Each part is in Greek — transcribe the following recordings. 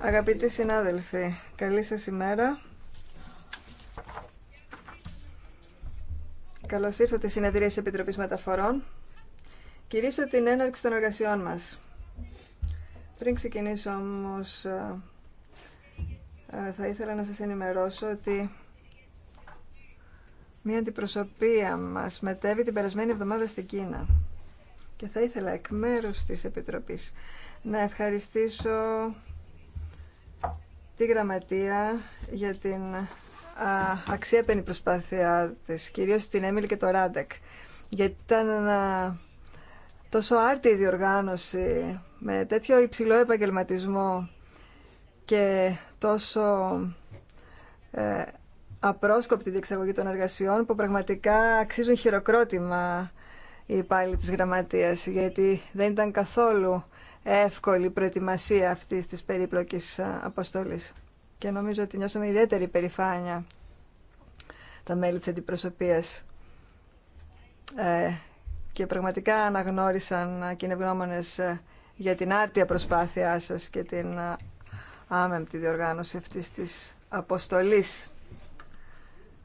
Αγαπητοί συνάδελφοι, καλή σας ημέρα. Καλώς ήρθατε στη συνεδρία της Επιτροπής Μεταφορών. Κυρίσω την έναρξη των εργασιών μας. Πριν ξεκινήσω όμως, ε, ε, θα ήθελα να σας ενημερώσω ότι μια αντιπροσωπεία μας μετέβη την περασμένη εβδομάδα στην Κίνα και θα ήθελα εκ μέρους της Επιτροπής να ευχαριστήσω τη Γραμματεία για την αξιέπαινη προσπάθειά της, κυρίως την Έμιλη και το Ράντεκ, γιατί ήταν τόσο άρτη η διοργάνωση με τέτοιο υψηλό επαγγελματισμό και τόσο ε, απρόσκοπτη διεξαγωγή των εργασιών που πραγματικά αξίζουν χειροκρότημα οι υπάλληλοι της γραμματείας, γιατί δεν ήταν καθόλου εύκολη η προετοιμασία αυτή της περίπλοκης αποστολής. Και νομίζω ότι νιώσαμε ιδιαίτερη περηφάνεια τα μέλη της αντιπροσωπείας ε, και πραγματικά αναγνώρισαν και είναι ε, για την άρτια προσπάθειά σας και την άμεμπτη διοργάνωση αυτής της αποστολής.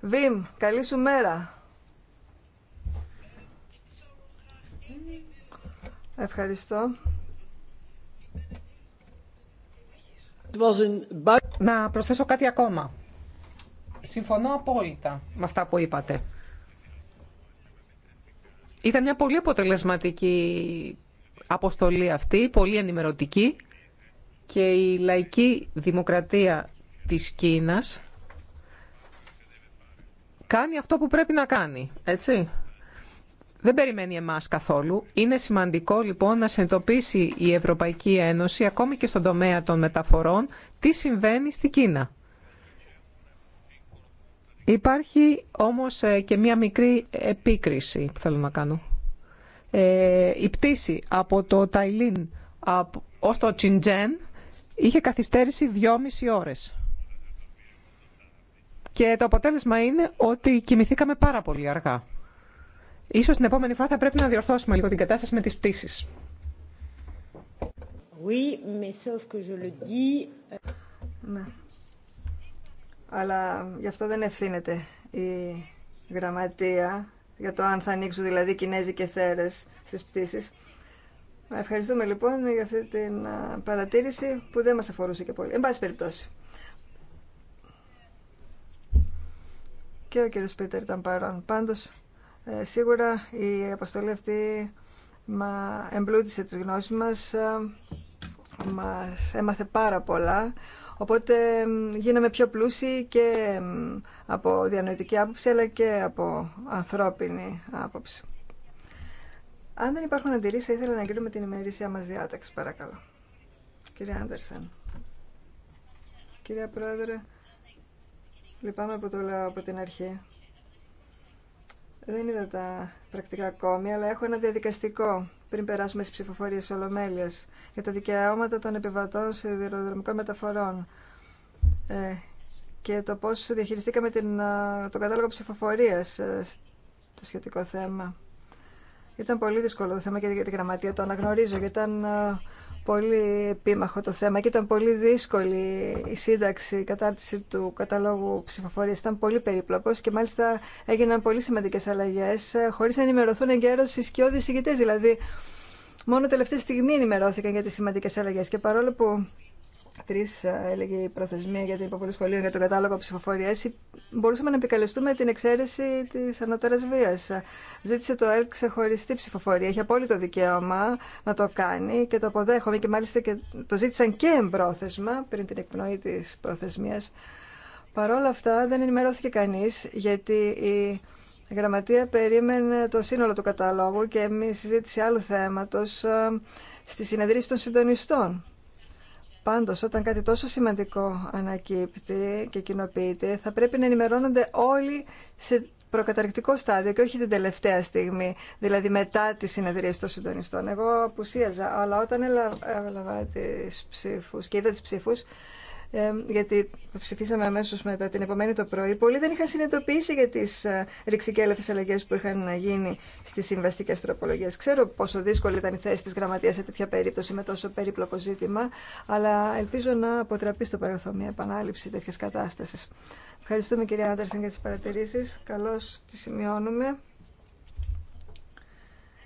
Βιμ, καλή σου μέρα! Ευχαριστώ. Να προσθέσω κάτι ακόμα. Συμφωνώ απόλυτα με αυτά που είπατε. Ήταν μια πολύ αποτελεσματική αποστολή αυτή, πολύ ενημερωτική και η λαϊκή δημοκρατία της Κίνας κάνει αυτό που πρέπει να κάνει, έτσι δεν περιμένει εμά καθόλου. Είναι σημαντικό λοιπόν να συνειδητοποιήσει η Ευρωπαϊκή Ένωση, ακόμη και στον τομέα των μεταφορών, τι συμβαίνει στην Κίνα. Υπάρχει όμως ε, και μία μικρή επίκριση που θέλω να κάνω. Ε, η πτήση από το Ταϊλίν ως το Τσιντζέν είχε καθυστέρηση 2,5 ώρες. Και το αποτέλεσμα είναι ότι κοιμηθήκαμε πάρα πολύ αργά. Ίσως την επόμενη φορά θα πρέπει να διορθώσουμε λίγο την κατάσταση με τις πτήσεις. Oui, mais sauf que je le ε, ναι. Αλλά γι' αυτό δεν ευθύνεται η γραμματεία για το αν θα ανοίξουν δηλαδή Κινέζοι και θέρες στις πτήσεις. Ευχαριστούμε λοιπόν για αυτή την ε, παρατήρηση που δεν μας αφορούσε και πολύ. Εν πάση περιπτώσει. Και ο κύριος Πίτερ ήταν παρόν. Πάντως ε, σίγουρα η αποστολή αυτή μα εμπλούτησε τις γνώσεις μας, ε, μας έμαθε πάρα πολλά, οπότε γίναμε πιο πλούσιοι και από διανοητική άποψη, αλλά και από ανθρώπινη άποψη. Αν δεν υπάρχουν αντιρρήσεις, θα ήθελα να εγκρίνουμε την ημερήσια μας διάταξη, παρακαλώ. Κύριε Άντερσεν. Κύριε Πρόεδρε, λυπάμαι που το λέω από την αρχή. Δεν είδα τα πρακτικά ακόμη, αλλά έχω ένα διαδικαστικό πριν περάσουμε στις ψηφοφορίες ολομέλειας για τα δικαιώματα των επιβατών σε διεροδρομικών μεταφορών ε, και το πώς διαχειριστήκαμε την, ε, τον κατάλογο ψηφοφορίας ε, στο σχετικό θέμα. Ήταν πολύ δύσκολο το θέμα και για τη γραμματεία, το αναγνωρίζω, γιατί ήταν ε, πολύ επίμαχο το θέμα και ήταν πολύ δύσκολη η σύνταξη, η κατάρτιση του καταλόγου ψηφοφορίας. Ήταν πολύ περίπλοκος και μάλιστα έγιναν πολύ σημαντικές αλλαγές ε, χωρίς να ενημερωθούν εγκαίρως οι σκιώδεις ηγητές. Δηλαδή, μόνο τελευταία στιγμή ενημερώθηκαν για τις σημαντικές αλλαγές και παρόλο που τρει έλεγε η προθεσμία για την υποβολή σχολείων για τον κατάλογο ψηφοφορία, μπορούσαμε να επικαλεστούμε την εξαίρεση τη ανωτέρα βία. Ζήτησε το ΕΛΚ ξεχωριστή ψηφοφορία. Έχει απόλυτο δικαίωμα να το κάνει και το αποδέχομαι και μάλιστα το ζήτησαν και εμπρόθεσμα πριν την εκπνοή τη προθεσμία. Παρόλα αυτά δεν ενημερώθηκε κανεί γιατί η γραμματεία περίμενε το σύνολο του καταλόγου και εμεί συζήτηση άλλου θέματο στη συνεδρίαση των συντονιστών. Πάντως, όταν κάτι τόσο σημαντικό ανακύπτει και κοινοποιείται, θα πρέπει να ενημερώνονται όλοι σε προκαταρκτικό στάδιο και όχι την τελευταία στιγμή, δηλαδή μετά τις συνεδρίες των συντονιστών. Εγώ απουσίαζα, αλλά όταν έλαβα τις ψήφους και είδα τις ψήφους, γιατί ψηφίσαμε αμέσω μετά την επομένη το πρωί, πολλοί δεν είχαν συνειδητοποιήσει για τι ε, ρηξικέλευτε αλλαγέ που είχαν γίνει στι συμβαστικέ τροπολογίε. Ξέρω πόσο δύσκολη ήταν η θέση τη Γραμματεία σε τέτοια περίπτωση με τόσο περίπλοκο ζήτημα, αλλά ελπίζω να αποτραπεί στο παρελθόν μια επανάληψη τέτοια κατάσταση. Ευχαριστούμε κυρία Άντερσεν για τι παρατηρήσει. Καλώ τι σημειώνουμε.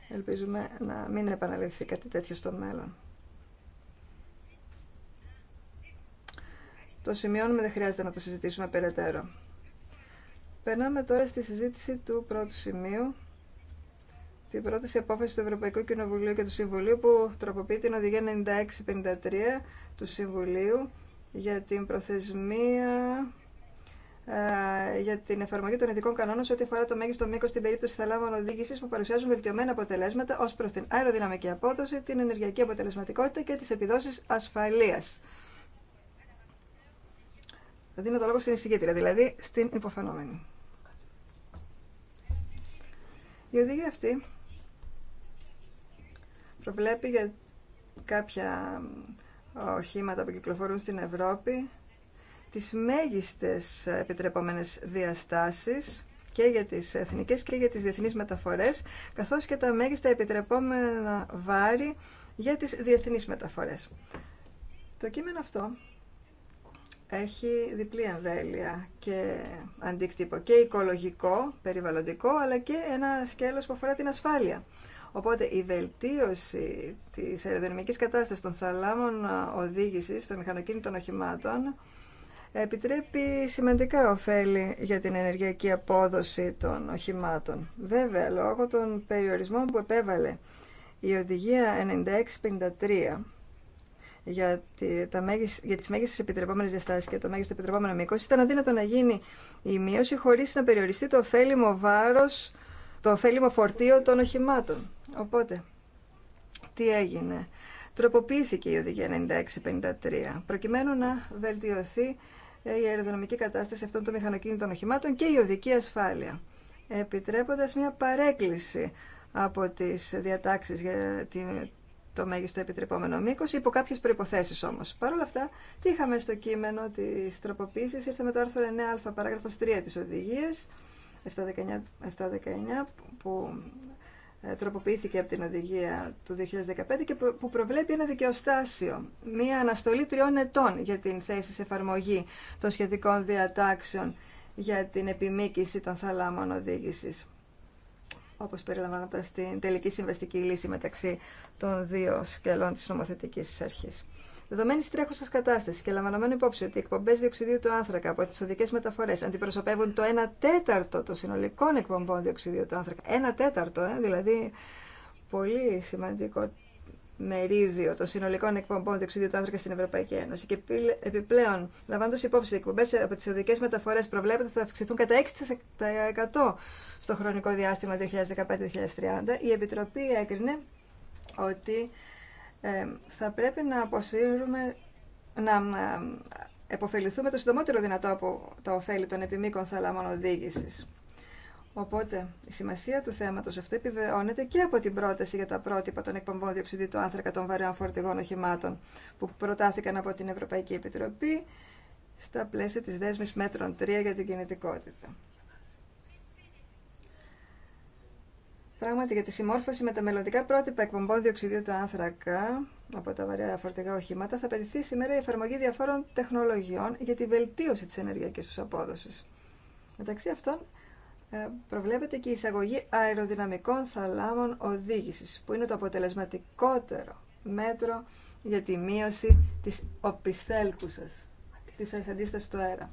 Ελπίζουμε να μην επαναληφθεί κάτι τέτοιο στο μέλλον. Το σημειώνουμε, δεν χρειάζεται να το συζητήσουμε περαιτέρω. Περνάμε τώρα στη συζήτηση του πρώτου σημείου, την πρόταση απόφαση του Ευρωπαϊκού Κοινοβουλίου και του Συμβουλίου που τροποποιεί την οδηγία 9653 του Συμβουλίου για την προθεσμία ε, για την εφαρμογή των ειδικών κανόνων σε ό,τι αφορά το μέγιστο μήκο στην περίπτωση θαλάμων οδήγηση που παρουσιάζουν βελτιωμένα αποτελέσματα ω προ την αεροδυναμική απόδοση, την ενεργειακή αποτελεσματικότητα και τι επιδόσει ασφαλεία δίνω το λόγο στην εισηγήτρια, δηλαδή στην υποφαινόμενη. Η οδηγία αυτή προβλέπει για κάποια οχήματα που κυκλοφορούν στην Ευρώπη τις μέγιστες επιτρεπόμενες διαστάσεις και για τις εθνικές και για τις διεθνείς μεταφορές, καθώς και τα μέγιστα επιτρεπόμενα βάρη για τις διεθνείς μεταφορές. Το κείμενο αυτό έχει διπλή εμβέλεια και αντίκτυπο και οικολογικό, περιβαλλοντικό, αλλά και ένα σκέλος που αφορά την ασφάλεια. Οπότε η βελτίωση της αεροδυναμικής κατάστασης των θαλάμων οδήγησης των μηχανοκίνητων οχημάτων επιτρέπει σημαντικά ωφέλη για την ενεργειακή απόδοση των οχημάτων. Βέβαια, λόγω των περιορισμών που επέβαλε η Οδηγία 96-53, για, τη, τα μέγισ, για τις μέγιστες επιτρεπόμενες διαστάσεις και το μέγιστο επιτρεπόμενο μήκος ήταν αδύνατο να γίνει η μείωση χωρίς να περιοριστεί το ωφέλιμο βάρος, το ωφέλιμο φορτίο των οχημάτων. Οπότε, τι έγινε. Τροποποιήθηκε η οδηγία 96 96-53 προκειμένου να βελτιωθεί ε, η αεροδυναμική κατάσταση αυτών των μηχανοκίνητων οχημάτων και η οδική ασφάλεια, επιτρέποντας μια παρέκκληση από τις διατάξεις για το μέγιστο επιτρεπόμενο μήκο, υπό κάποιε προποθέσει όμω. Παρ' όλα αυτά, τι είχαμε στο κείμενο τη τροποποίηση, με το άρθρο 9α, παράγραφο 3 τη οδηγία 719, 719, που ε, τροποποιήθηκε από την οδηγία του 2015 και που προβλέπει ένα δικαιοστάσιο, μία αναστολή τριών ετών για την θέση σε εφαρμογή των σχετικών διατάξεων για την επιμήκυση των θαλάμων οδήγησης όπως περιλαμβάνοντα, στην τελική συμβαστική λύση μεταξύ των δύο σκελών της νομοθετικής αρχής. Δεδομένη τη τρέχουσα κατάσταση και λαμβανομένου υπόψη ότι οι εκπομπέ διοξιδίου του άνθρακα από τι οδικέ μεταφορέ αντιπροσωπεύουν το 1 τέταρτο των συνολικών εκπομπών διοξιδίου του άνθρακα. 1 τέταρτο, ε, δηλαδή πολύ σημαντικό μερίδιο των συνολικών εκπομπών διοξιδίου του άνθρακα στην Ευρωπαϊκή Ένωση. Και επιπλέον, λαμβάνοντα υπόψη οι εκπομπέ από ε, τι οδικέ μεταφορέ προβλέπεται ότι θα αυξηθούν κατά 6% στο χρονικό διάστημα 2015-2030, η Επιτροπή έκρινε ότι ε, θα πρέπει να αποσύρουμε, να ε, επωφεληθούμε το συντομότερο δυνατό από τα ωφέλη των επιμήκων θαλαμών οδήγησης. Οπότε η σημασία του θέματο αυτό επιβεβαιώνεται και από την πρόταση για τα πρότυπα των εκπομπών διοξιδίου του άνθρακα των βαρέων φορτηγών οχημάτων που προτάθηκαν από την Ευρωπαϊκή Επιτροπή στα πλαίσια της δέσμης μέτρων 3 για την κινητικότητα. Πράγματι, για τη συμμόρφωση με τα μελλοντικά πρότυπα εκπομπών διοξιδίου του άνθρακα από τα βαριά φορτηγά οχήματα θα απαιτηθεί σήμερα η εφαρμογή διαφόρων τεχνολογιών για τη βελτίωση τη ενεργειακή του απόδοση. Μεταξύ αυτών, ε, προβλέπεται και η εισαγωγή αεροδυναμικών θαλάμων οδήγησης, που είναι το αποτελεσματικότερο μέτρο για τη μείωση της οπισθέλκουσας, της αντίστασης του αέρα.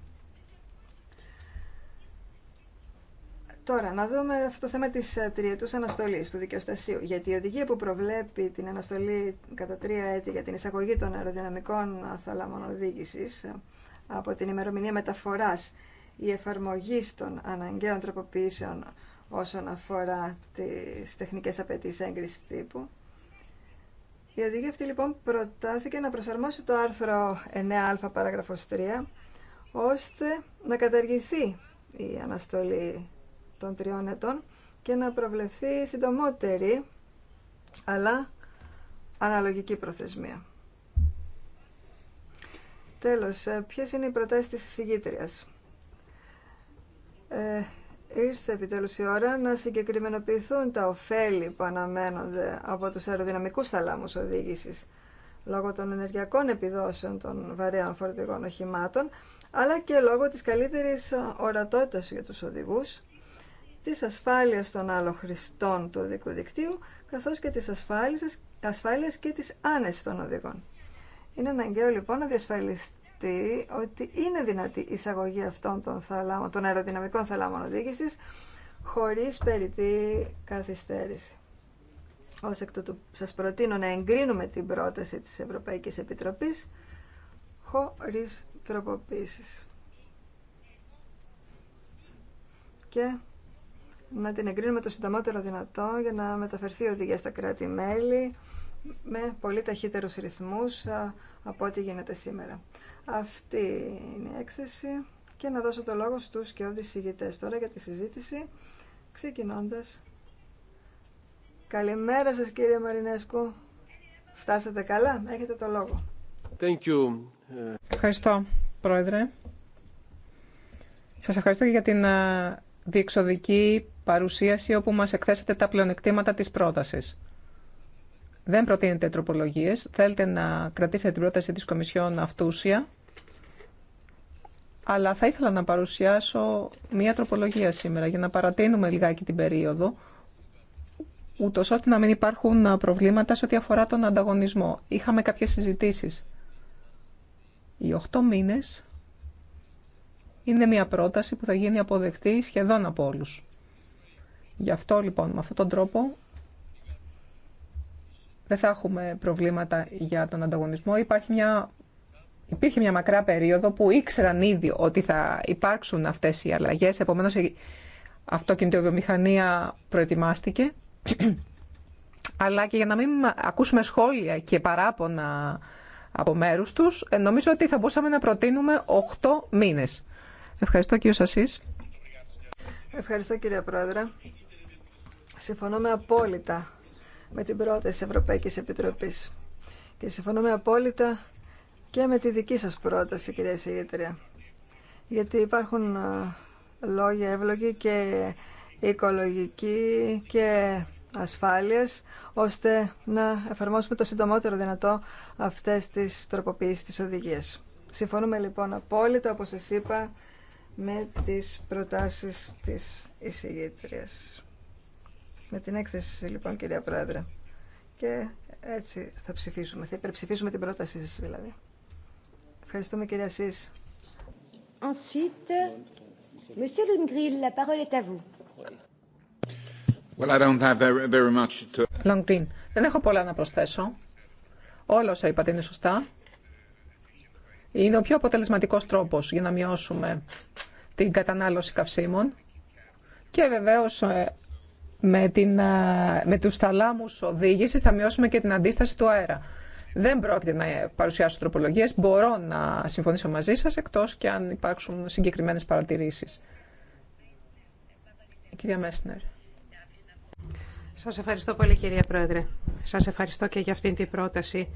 Τώρα, να δούμε αυτό το θέμα της ε, τριετούς αναστολής του δικαιοστασίου. Γιατί η οδηγία που προβλέπει την αναστολή κατά τρία έτη για την εισαγωγή των αεροδυναμικών ε, θαλάμων οδήγησης από την ημερομηνία μεταφοράς η εφαρμογή των αναγκαίων τροποποιήσεων όσον αφορά τις τεχνικές απαιτήσεις έγκρισης τύπου. Η οδηγία αυτή λοιπόν προτάθηκε να προσαρμόσει το άρθρο 9α παράγραφος 3 ώστε να καταργηθεί η αναστολή των τριών ετών και να προβλεφθεί συντομότερη αλλά αναλογική προθεσμία. Τέλος, ε, ποιες είναι οι προτάσεις της εισηγήτριας. Ε, ήρθε επιτέλους η ώρα να συγκεκριμενοποιηθούν τα ωφέλη που αναμένονται από τους αεροδυναμικούς θαλάμους οδήγησης λόγω των ενεργειακών επιδόσεων των βαρέων φορτηγών οχημάτων αλλά και λόγω της καλύτερης ορατότητας για τους οδηγούς της ασφάλειας των άλλων χρηστών του οδικού δικτύου καθώς και της ασφάλεια και της άνεσης των οδηγών. Είναι αναγκαίο λοιπόν να διασφαλιστεί ότι είναι δυνατή η εισαγωγή αυτών των, θαλάμων, των αεροδυναμικών θαλάμων οδήγηση χωρίς περιττή καθυστέρηση. Ως εκ τούτου σας προτείνω να εγκρίνουμε την πρόταση της Ευρωπαϊκής Επιτροπής χωρίς τροποποίησης. Και να την εγκρίνουμε το συντομότερο δυνατό για να μεταφερθεί η οδηγία στα κράτη-μέλη με πολύ ταχύτερους ρυθμούς από ό,τι γίνεται σήμερα. Αυτή είναι η έκθεση και να δώσω το λόγο στους και ηγητές τώρα για τη συζήτηση, ξεκινώντας. Καλημέρα σας κύριε Μαρινέσκου. Φτάσατε καλά, έχετε το λόγο. Thank you. Ευχαριστώ, Πρόεδρε. Σας ευχαριστώ και για την ε, διεξοδική παρουσίαση όπου μας εκθέσατε τα πλεονεκτήματα της πρότασης. Δεν προτείνετε τροπολογίε. Θέλετε να κρατήσετε την πρόταση της Κομισιόν αυτούσια. Αλλά θα ήθελα να παρουσιάσω μία τροπολογία σήμερα για να παρατείνουμε λιγάκι την περίοδο ούτω ώστε να μην υπάρχουν προβλήματα σε ό,τι αφορά τον ανταγωνισμό. Είχαμε κάποιες συζητήσει Οι 8 μήνες είναι μία πρόταση που θα γίνει αποδεκτή σχεδόν από όλου. Γι' αυτό λοιπόν με αυτόν τον τρόπο δεν θα έχουμε προβλήματα για τον ανταγωνισμό. Υπάρχει μια... Υπήρχε μια μακρά περίοδο που ήξεραν ήδη ότι θα υπάρξουν αυτές οι αλλαγές, επομένως η αυτοκινητοβιομηχανία προετοιμάστηκε. Αλλά και για να μην ακούσουμε σχόλια και παράπονα από μέρους τους, νομίζω ότι θα μπορούσαμε να προτείνουμε 8 μήνες. Ευχαριστώ κύριο Σασίς. Ευχαριστώ κύριε Πρόεδρε. Συμφωνώ με απόλυτα με την πρόταση Ευρωπαϊκής Επιτροπής. Και συμφωνούμε απόλυτα και με τη δική σας πρόταση, κυρία Συγήτρια. Γιατί υπάρχουν ε, λόγια εύλογοι και οικολογικοί και ασφάλειας, ώστε να εφαρμόσουμε το συντομότερο δυνατό αυτές τις τροποποιήσεις της οδηγίας. Συμφωνούμε λοιπόν απόλυτα, όπως σας είπα, με τις προτάσεις της εισηγήτριας με την έκθεση λοιπόν κυρία Πρόεδρε. Και έτσι θα ψηφίσουμε. Θα υπερψηφίσουμε την πρότασή σας δηλαδή. Ευχαριστούμε κυρία Σύς. Ensuite, Monsieur Lundgren, la parole est à vous. Well, I don't δεν έχω πολλά να προσθέσω. Όλα όσα είπατε είναι σωστά. Είναι ο πιο αποτελεσματικός τρόπος για να μειώσουμε την κατανάλωση καυσίμων και βεβαίως ε, με, την, με τους θαλάμους οδήγησης θα μειώσουμε και την αντίσταση του αέρα. Δεν πρόκειται να παρουσιάσω τροπολογίες, μπορώ να συμφωνήσω μαζί σας, εκτός και αν υπάρξουν συγκεκριμένες παρατηρήσεις. κυρία Μέσνερ. Σας ευχαριστώ πολύ κυρία Πρόεδρε. Σας ευχαριστώ και για αυτήν την πρόταση.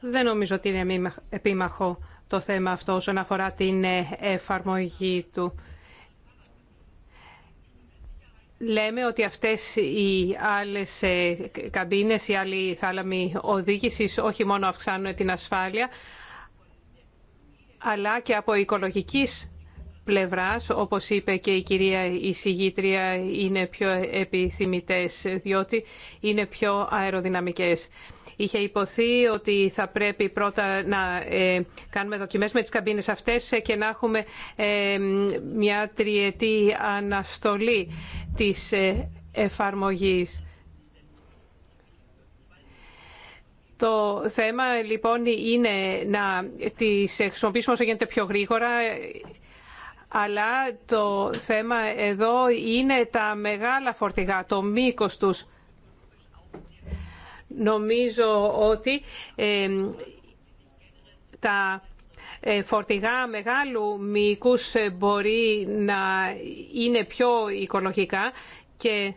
Δεν νομίζω ότι είναι επίμαχο το θέμα αυτό όσον αφορά την ε, εφαρμογή του λέμε ότι αυτές οι άλλες ε, καμπίνες, οι άλλοι θάλαμοι οδήγησης όχι μόνο αυξάνουν την ασφάλεια, αλλά και από οικολογικής πλευράς, όπως είπε και η κυρία εισηγήτρια, είναι πιο επιθυμητές, διότι είναι πιο αεροδυναμικές. Είχε υποθεί ότι θα πρέπει πρώτα να ε, κάνουμε δοκιμές με τις καμπίνες αυτές ε, και να έχουμε ε, μια τριετή αναστολή της εφαρμογής. Το θέμα λοιπόν είναι να τις χρησιμοποιήσουμε όσο γίνεται πιο γρήγορα αλλά το θέμα εδώ είναι τα μεγάλα φορτηγά, το μήκος τους. Νομίζω ότι ε, τα ε, φορτηγά μεγάλου μήκους ε, μπορεί να είναι πιο οικολογικά και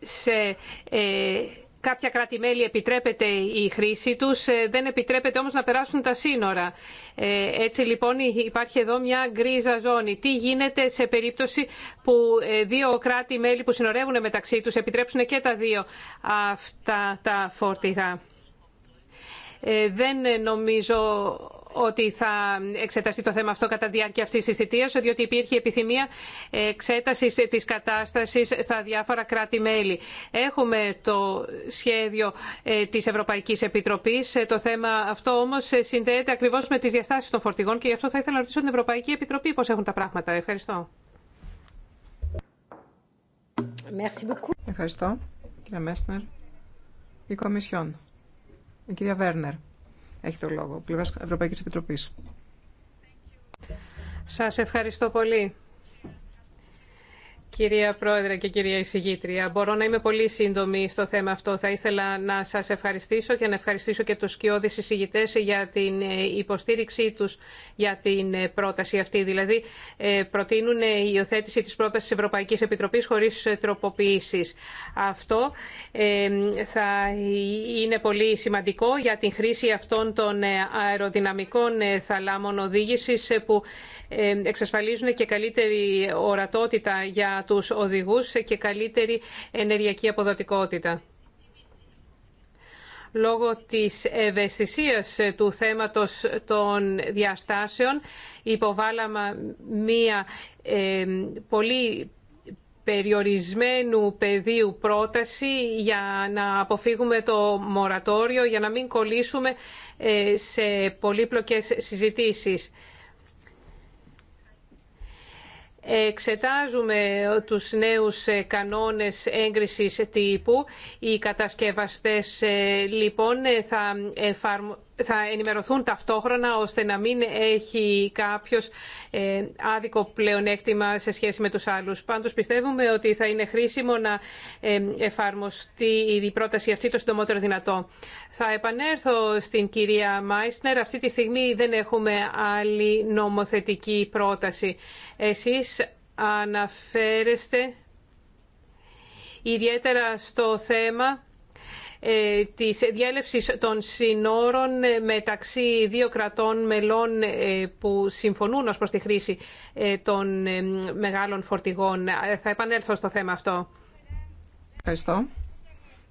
σε κάποια κράτη-μέλη επιτρέπεται η χρήση τους, ε, δεν επιτρέπεται όμως να περάσουν τα σύνορα. Ε, έτσι λοιπόν υπάρχει εδώ μια γκρίζα ζώνη. Τι γίνεται σε περίπτωση που ε, δύο κράτη-μέλη που συνορεύουν μεταξύ τους επιτρέψουν και τα δύο αυτά τα φόρτηγα. Δεν νομίζω ότι θα εξεταστεί το θέμα αυτό κατά τη διάρκεια αυτή τη θητεία, διότι υπήρχε επιθυμία εξέταση τη κατάσταση στα διάφορα κράτη-μέλη. Έχουμε το σχέδιο ε, τη Ευρωπαϊκή Επιτροπή. Ε, το θέμα αυτό όμω ε, συνδέεται ακριβώ με τι διαστάσει των φορτηγών και γι' αυτό θα ήθελα να ρωτήσω την Ευρωπαϊκή Επιτροπή πώ έχουν τα πράγματα. Ευχαριστώ. Ευχαριστώ, κύριε Μέσνερ. Η Κομισιόν, η κυρία Βέρνερ έχει το λόγο, πλευρά Ευρωπαϊκής Επιτροπής. Σας ευχαριστώ πολύ. Κυρία Πρόεδρε και κυρία Εισηγήτρια, μπορώ να είμαι πολύ σύντομη στο θέμα αυτό. Θα ήθελα να σας ευχαριστήσω και να ευχαριστήσω και τους σκιώδεις εισηγητές για την ε, υποστήριξή τους για την ε, πρόταση αυτή. Δηλαδή, ε, προτείνουν η υιοθέτηση της πρότασης Ευρωπαϊκής Επιτροπής χωρίς τροποποιήσεις. Αυτό θα είναι πολύ σημαντικό για την χρήση αυτών των αεροδυναμικών θαλάμων οδήγησης που εξασφαλίζουν και καλύτερη ορατότητα για τους οδηγούς και καλύτερη ενεργειακή αποδοτικότητα. Λόγω της ευαισθησίας του θέματος των διαστάσεων υποβάλαμε μία ε, πολύ περιορισμένου πεδίου πρόταση για να αποφύγουμε το μορατόριο, για να μην κολλήσουμε ε, σε πολύπλοκες συζητήσεις. Εξετάζουμε ε, τους νέους ε, κανόνες έγκρισης τύπου. Οι κατασκευαστές ε, λοιπόν θα εφαρμόσουν θα ενημερωθούν ταυτόχρονα ώστε να μην έχει κάποιος ε, άδικο πλεονέκτημα σε σχέση με τους άλλους. Πάντως πιστεύουμε ότι θα είναι χρήσιμο να ε, εφαρμοστεί η πρόταση αυτή το συντομότερο δυνατό. Θα επανέλθω στην κυρία Μάισνερ. Αυτή τη στιγμή δεν έχουμε άλλη νομοθετική πρόταση. Εσείς αναφέρεστε ιδιαίτερα στο θέμα ε, της διέλευσης των συνόρων ε, μεταξύ δύο κρατών μελών ε, που συμφωνούν ως προς τη χρήση των μεγάλων φορτηγών. Θα επανέλθω στο θέμα αυτό. Ευχαριστώ.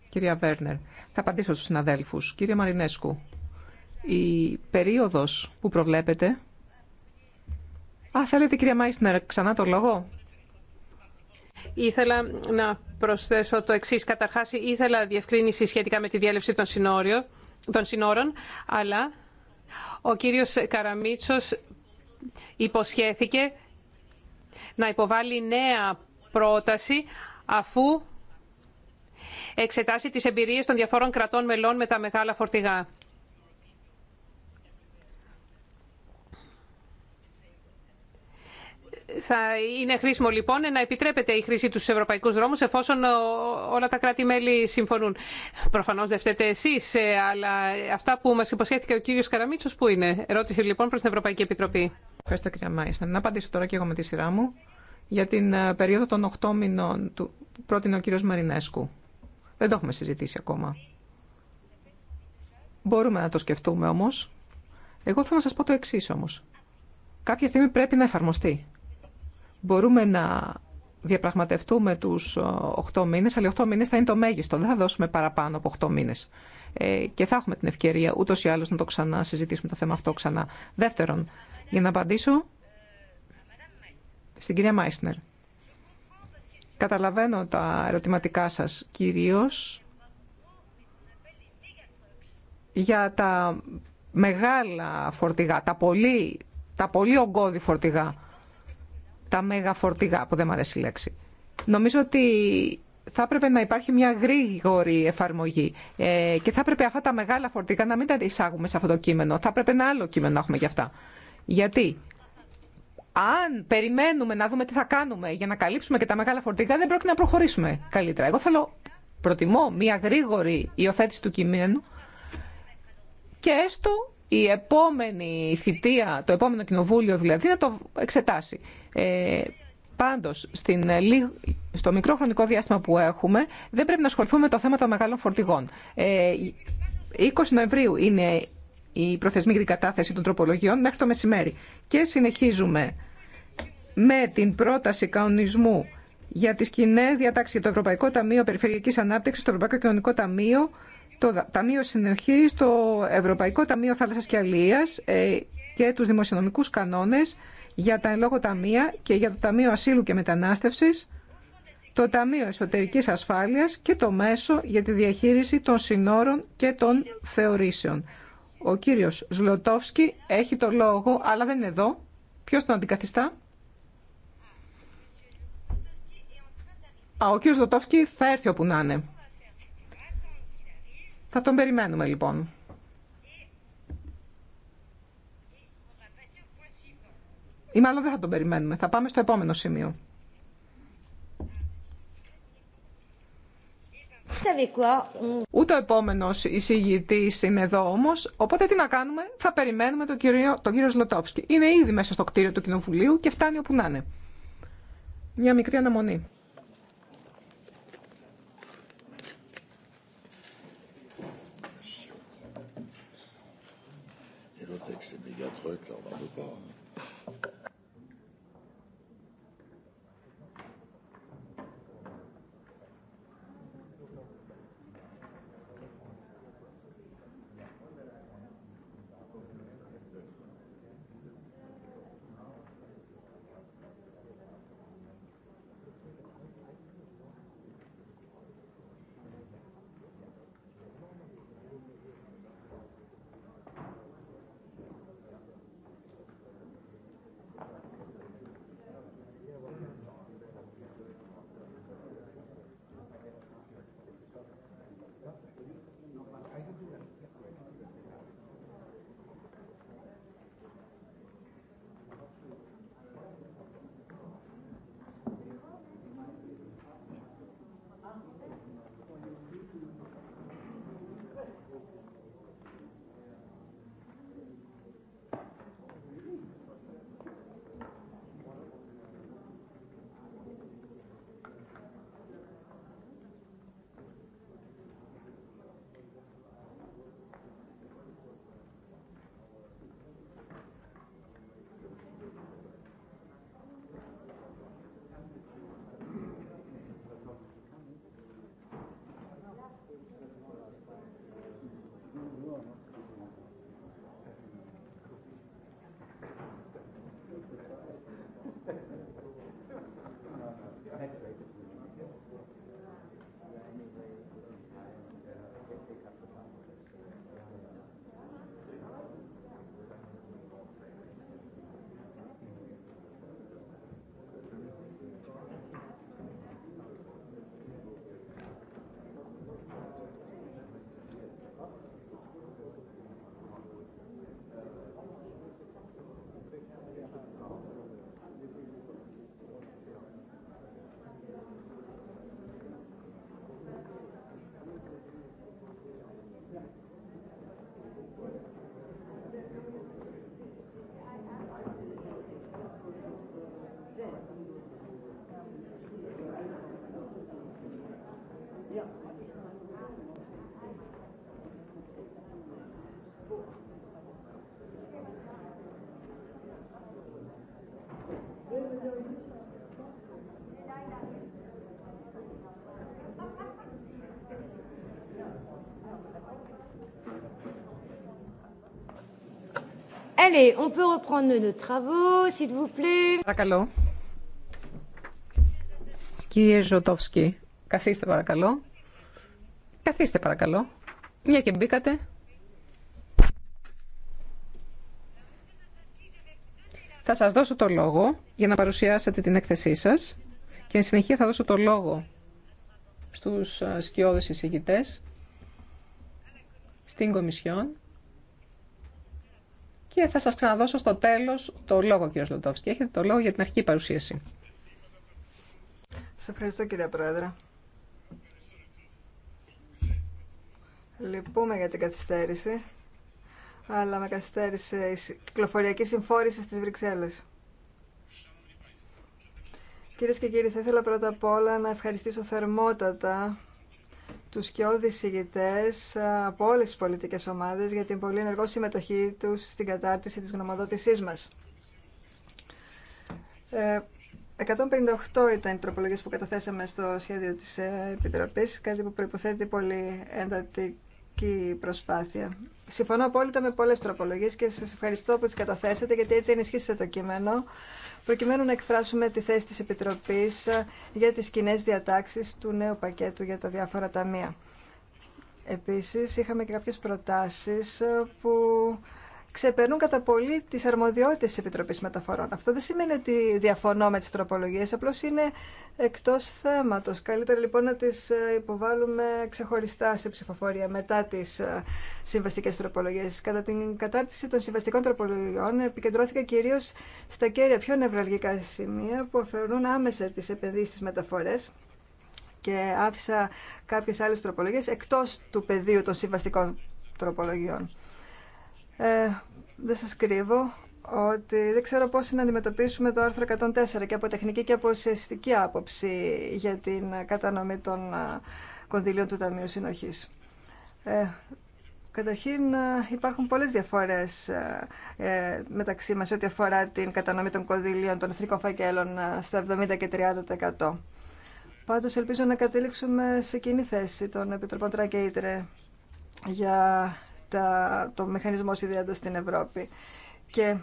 Κυρία Βέρνερ, θα απαντήσω στους συναδέλφους. Κύριε Μαρινέσκου, η περίοδος που προβλέπετε... Α, θέλετε κυρία Μάισνερ ξανά το λόγο. Ήθελα να προσθέσω το εξή. Καταρχά, ήθελα διευκρίνηση σχετικά με τη διέλευση των, των συνόρων, αλλά ο κύριος Καραμίτσος υποσχέθηκε να υποβάλει νέα πρόταση αφού εξετάσει τις εμπειρίες των διαφόρων κρατών μελών με τα μεγάλα φορτηγά. Θα είναι χρήσιμο λοιπόν να επιτρέπεται η χρήση του ευρωπαϊκού δρόμου εφόσον όλα τα κράτη-μέλη συμφωνούν. Προφανώ δεν φταίτε εσεί, ε, αλλά αυτά που μα υποσχέθηκε ο κύριο Καραμίτσο, πού είναι. Ερώτηση λοιπόν προ την Ευρωπαϊκή Επιτροπή. Ευχαριστώ κυρία Μάιστα. Να απαντήσω τώρα και εγώ με τη σειρά μου για την ε, περίοδο των 8 μηνών του πρότεινε ο κύριο Μαρινέσκου. Δεν το έχουμε συζητήσει ακόμα. Μπορούμε να το σκεφτούμε όμω. Εγώ θέλω να σα πω το εξή όμω. Κάποια στιγμή πρέπει να εφαρμοστεί μπορούμε να διαπραγματευτούμε τους 8 ε, μήνες, αλλά 8 μήνες θα είναι το μέγιστο, δεν θα δώσουμε παραπάνω από 8 μήνες. Ε, και θα έχουμε την ευκαιρία ούτως ή άλλως να το ξανά συζητήσουμε το θέμα αυτό ξανά. Δεύτερον, για να απαντήσω στην κυρία Μάισνερ. Καταλαβαίνω τα ερωτηματικά σας, κυρίως για τα μεγάλα φορτηγά, τα πολύ, τα πολύ ογκώδη φορτηγά τα μεγαφορτηγά, που δεν μου αρέσει η λέξη. Νομίζω ότι θα έπρεπε να υπάρχει μια γρήγορη εφαρμογή ε, και θα έπρεπε αυτά τα μεγάλα φορτηγά να μην τα εισάγουμε σε αυτό το κείμενο. Θα έπρεπε ένα άλλο κείμενο να έχουμε για αυτά. Γιατί αν περιμένουμε να δούμε τι θα κάνουμε για να καλύψουμε και τα μεγάλα φορτηγά, δεν πρόκειται να προχωρήσουμε καλύτερα. Εγώ θέλω, προτιμώ μια γρήγορη υιοθέτηση του κειμένου και έστω η επόμενη θητεία, το επόμενο κοινοβούλιο δηλαδή, να το εξετάσει. Ε, πάντως, στην, στο μικρό χρονικό διάστημα που έχουμε, δεν πρέπει να ασχοληθούμε με το θέμα των μεγάλων φορτηγών. Ε, 20 Νοεμβρίου είναι η προθεσμή για την κατάθεση των τροπολογιών μέχρι το μεσημέρι. Και συνεχίζουμε με την πρόταση κανονισμού για τις κοινέ διατάξεις για το Ευρωπαϊκό Ταμείο Περιφερειακής Ανάπτυξης, το Ευρωπαϊκό Κοινωνικό Ταμείο, το Ταμείο Συνοχή, το Ευρωπαϊκό Ταμείο Θάλασσα και Αλίας ε, και τους δημοσιονομικούς κανόνες για τα λόγω ταμεία και για το Ταμείο Ασύλου και μετανάστευση, το Ταμείο Εσωτερικής Ασφάλειας και το Μέσο για τη Διαχείριση των Συνόρων και των Θεωρήσεων. Ο κύριος Ζλωτόφσκι έχει το λόγο, αλλά δεν είναι εδώ. Ποιος τον αντικαθιστά? Α, ο κύριος Ζλωτόφσκι θα έρθει όπου να είναι. Θα τον περιμένουμε λοιπόν. Ή μάλλον δεν θα τον περιμένουμε. Θα πάμε στο επόμενο σημείο. Ούτε ο επόμενο εισηγητή είναι εδώ όμω. Οπότε τι να κάνουμε, θα περιμένουμε τον κύριο, τον κύριο Είναι ήδη μέσα στο κτίριο του Κοινοβουλίου και φτάνει όπου να είναι. Μια μικρή αναμονή. Après, là, on Allez, on peut reprendre nos travaux, s'il vous plaît. Παρακαλώ. Κύριε Ζωτόφσκι, καθίστε παρακαλώ. Καθίστε παρακαλώ. Μια και μπήκατε. Θα σας δώσω το λόγο για να παρουσιάσετε την έκθεσή σας και εν συνεχεία θα δώσω το λόγο στους ε, σκιώδες εισηγητές στην Κομισιόν και θα σας ξαναδώσω στο τέλος το λόγο, κύριε και Έχετε το λόγο για την αρχική παρουσίαση. Σας ευχαριστώ, κύριε Πρόεδρε. Λυπούμε για την καθυστέρηση, αλλά με καθυστέρησε η κυκλοφοριακή συμφόρηση στις Βρυξέλλες. Κυρίε και κύριοι, θα ήθελα πρώτα απ' όλα να ευχαριστήσω θερμότατα τους και ηγητές ε, από όλες τις πολιτικές ομάδες για την πολύ ενεργό συμμετοχή τους στην κατάρτιση της γνωμοδότησής μας. 158 ε, ήταν οι τροπολογίες που καταθέσαμε στο σχέδιο της ε, Επιτροπής, κάτι που προϋποθέτει πολύ έντατη σημαντική προσπάθεια. Συμφωνώ απόλυτα με πολλές τροπολογίες και σας ευχαριστώ που τις καταθέσατε γιατί έτσι ενισχύσετε το κείμενο προκειμένου να εκφράσουμε τη θέση της Επιτροπής για τις κοινέ διατάξεις του νέου πακέτου για τα διάφορα ταμεία. Επίσης, είχαμε και κάποιες προτάσεις που ξεπερνούν κατά πολύ τι αρμοδιότητε τη Επιτροπής Μεταφορών. Αυτό δεν σημαίνει ότι διαφωνώ με τις τροπολογίες, απλώς είναι εκτό θέματο. Καλύτερα λοιπόν να τι ε, υποβάλουμε ξεχωριστά σε ψηφοφορία μετά τι ε, συμβαστικέ τροπολογίε. Κατά την κατάρτιση των συμβαστικών τροπολογιών επικεντρώθηκα κυρίω στα κέρια πιο νευραλγικά σημεία που αφαιρούν άμεσα τι επενδύσει τη μεταφορέ και άφησα κάποιες άλλες τροπολογίες εκτός του πεδίου των συμβαστικών τροπολογιών. Ε, δεν σας κρύβω ότι δεν ξέρω πώς να αντιμετωπίσουμε το άρθρο 104 και από τεχνική και από ουσιαστική άποψη για την κατανομή των ε, κονδυλίων του Ταμείου Συνοχής. Ε, Καταρχήν ε, υπάρχουν πολλές διαφορές ε, ε μεταξύ μας ό,τι αφορά την κατανομή των κονδυλίων των εθνικών φακέλων στα 70 και 30%. Πάντως ελπίζω να καταλήξουμε σε κοινή θέση των Επιτροπών Τρακέιτρε για τα, το μηχανισμό συνδέοντα στην Ευρώπη. Και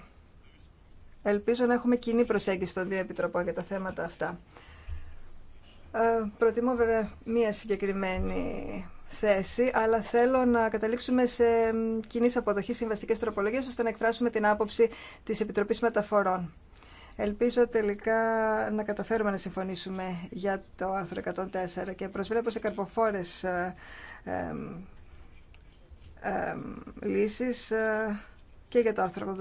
ελπίζω να έχουμε κοινή προσέγγιση των δύο επιτροπών για τα θέματα αυτά. Ε, προτιμώ βέβαια μία συγκεκριμένη θέση, αλλά θέλω να καταλήξουμε σε κοινή αποδοχή συμβαστικέ τροπολογίε ώστε να εκφράσουμε την άποψη τη Επιτροπή Μεταφορών. Ελπίζω τελικά να καταφέρουμε να συμφωνήσουμε για το άρθρο 104 και προσβλέπω σε καρποφόρες ε, ε, λύσεις ε, και για το άρθρο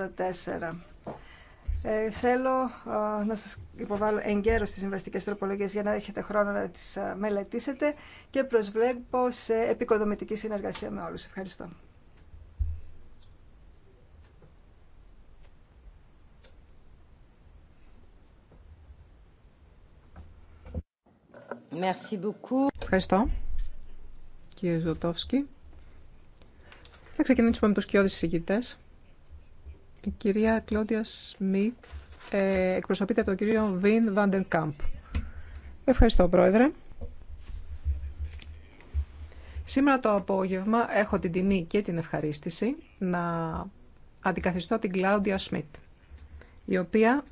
84. Ε, θέλω ε, να σας υποβάλω εγκαίρως τις συμβαστικές τροπολογίες για να έχετε χρόνο να τις μελετήσετε και προσβλέπω σε επικοδομητική συνεργασία με όλους. Ευχαριστώ. Merci beaucoup. Ευχαριστώ. Κύριε Ζωτόφσκι. Θα ξεκινήσουμε με τους κοιόδης συζητητές. Η κυρία Κλόντια Σμιτ ε, εκπροσωπείται από τον κύριο Βιν Βαντεν Κάμπ. Ευχαριστώ, Πρόεδρε. Σήμερα το απόγευμα έχω την τιμή και την ευχαρίστηση να αντικαθιστώ την Κλάουντια Σμιτ, η οποία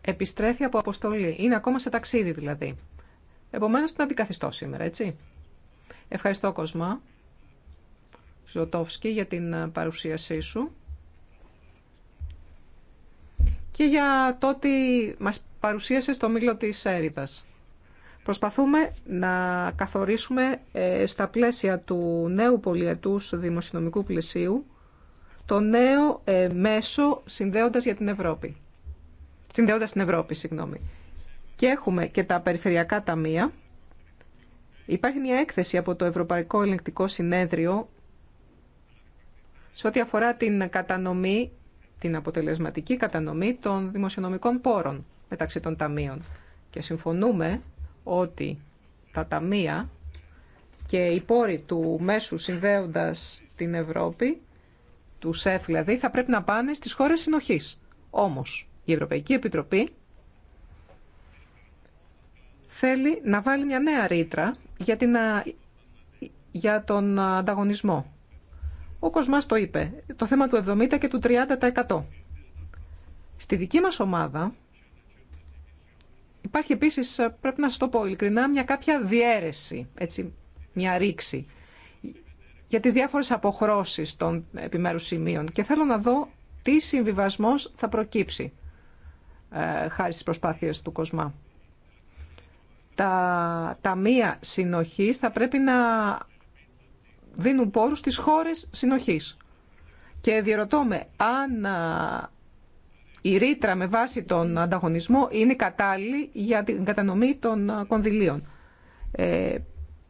επιστρέφει από αποστολή. Είναι ακόμα σε ταξίδι δηλαδή. Επομένως την αντικαθιστώ σήμερα, έτσι. Ευχαριστώ Κοσμά Ζωτόφσκι για την ε, παρουσίασή σου και για το ότι μας παρουσίασε στο μήλο της έρηδας. Προσπαθούμε να καθορίσουμε ε, στα πλαίσια του νέου πολιετούς δημοσιονομικού πλαισίου το νέο ε, μέσο συνδέοντας για την Ευρώπη. Συνδέοντας την Ευρώπη, Και έχουμε και τα περιφερειακά ταμεία. Υπάρχει μια έκθεση από το Ευρωπαϊκό Ελεγκτικό Συνέδριο σε ό,τι αφορά την κατανομή, την αποτελεσματική κατανομή των δημοσιονομικών πόρων μεταξύ των ταμείων. Και συμφωνούμε ότι τα ταμεία και οι πόροι του μέσου συνδέοντας την Ευρώπη, του ΣΕΦ δηλαδή, θα πρέπει να πάνε στις χώρες συνοχής. Όμως, η Ευρωπαϊκή Επιτροπή θέλει να βάλει μια νέα ρήτρα για, την, για τον ανταγωνισμό. Ο Κοσμάς το είπε, το θέμα του 70% και του 30%. Στη δική μας ομάδα υπάρχει επίσης, πρέπει να σας το πω ειλικρινά, μια κάποια διαίρεση, έτσι, μια ρήξη για τις διάφορες αποχρώσεις των επιμέρους σημείων και θέλω να δω τι συμβιβασμός θα προκύψει ε, χάρη στις προσπάθειες του Κοσμά. Τα ταμεία συνοχής θα πρέπει να δίνουν πόρους στις χώρες συνοχής. Και διερωτώ με αν η ρήτρα με βάση τον ανταγωνισμό είναι κατάλληλη για την κατανομή των κονδυλίων. Ε,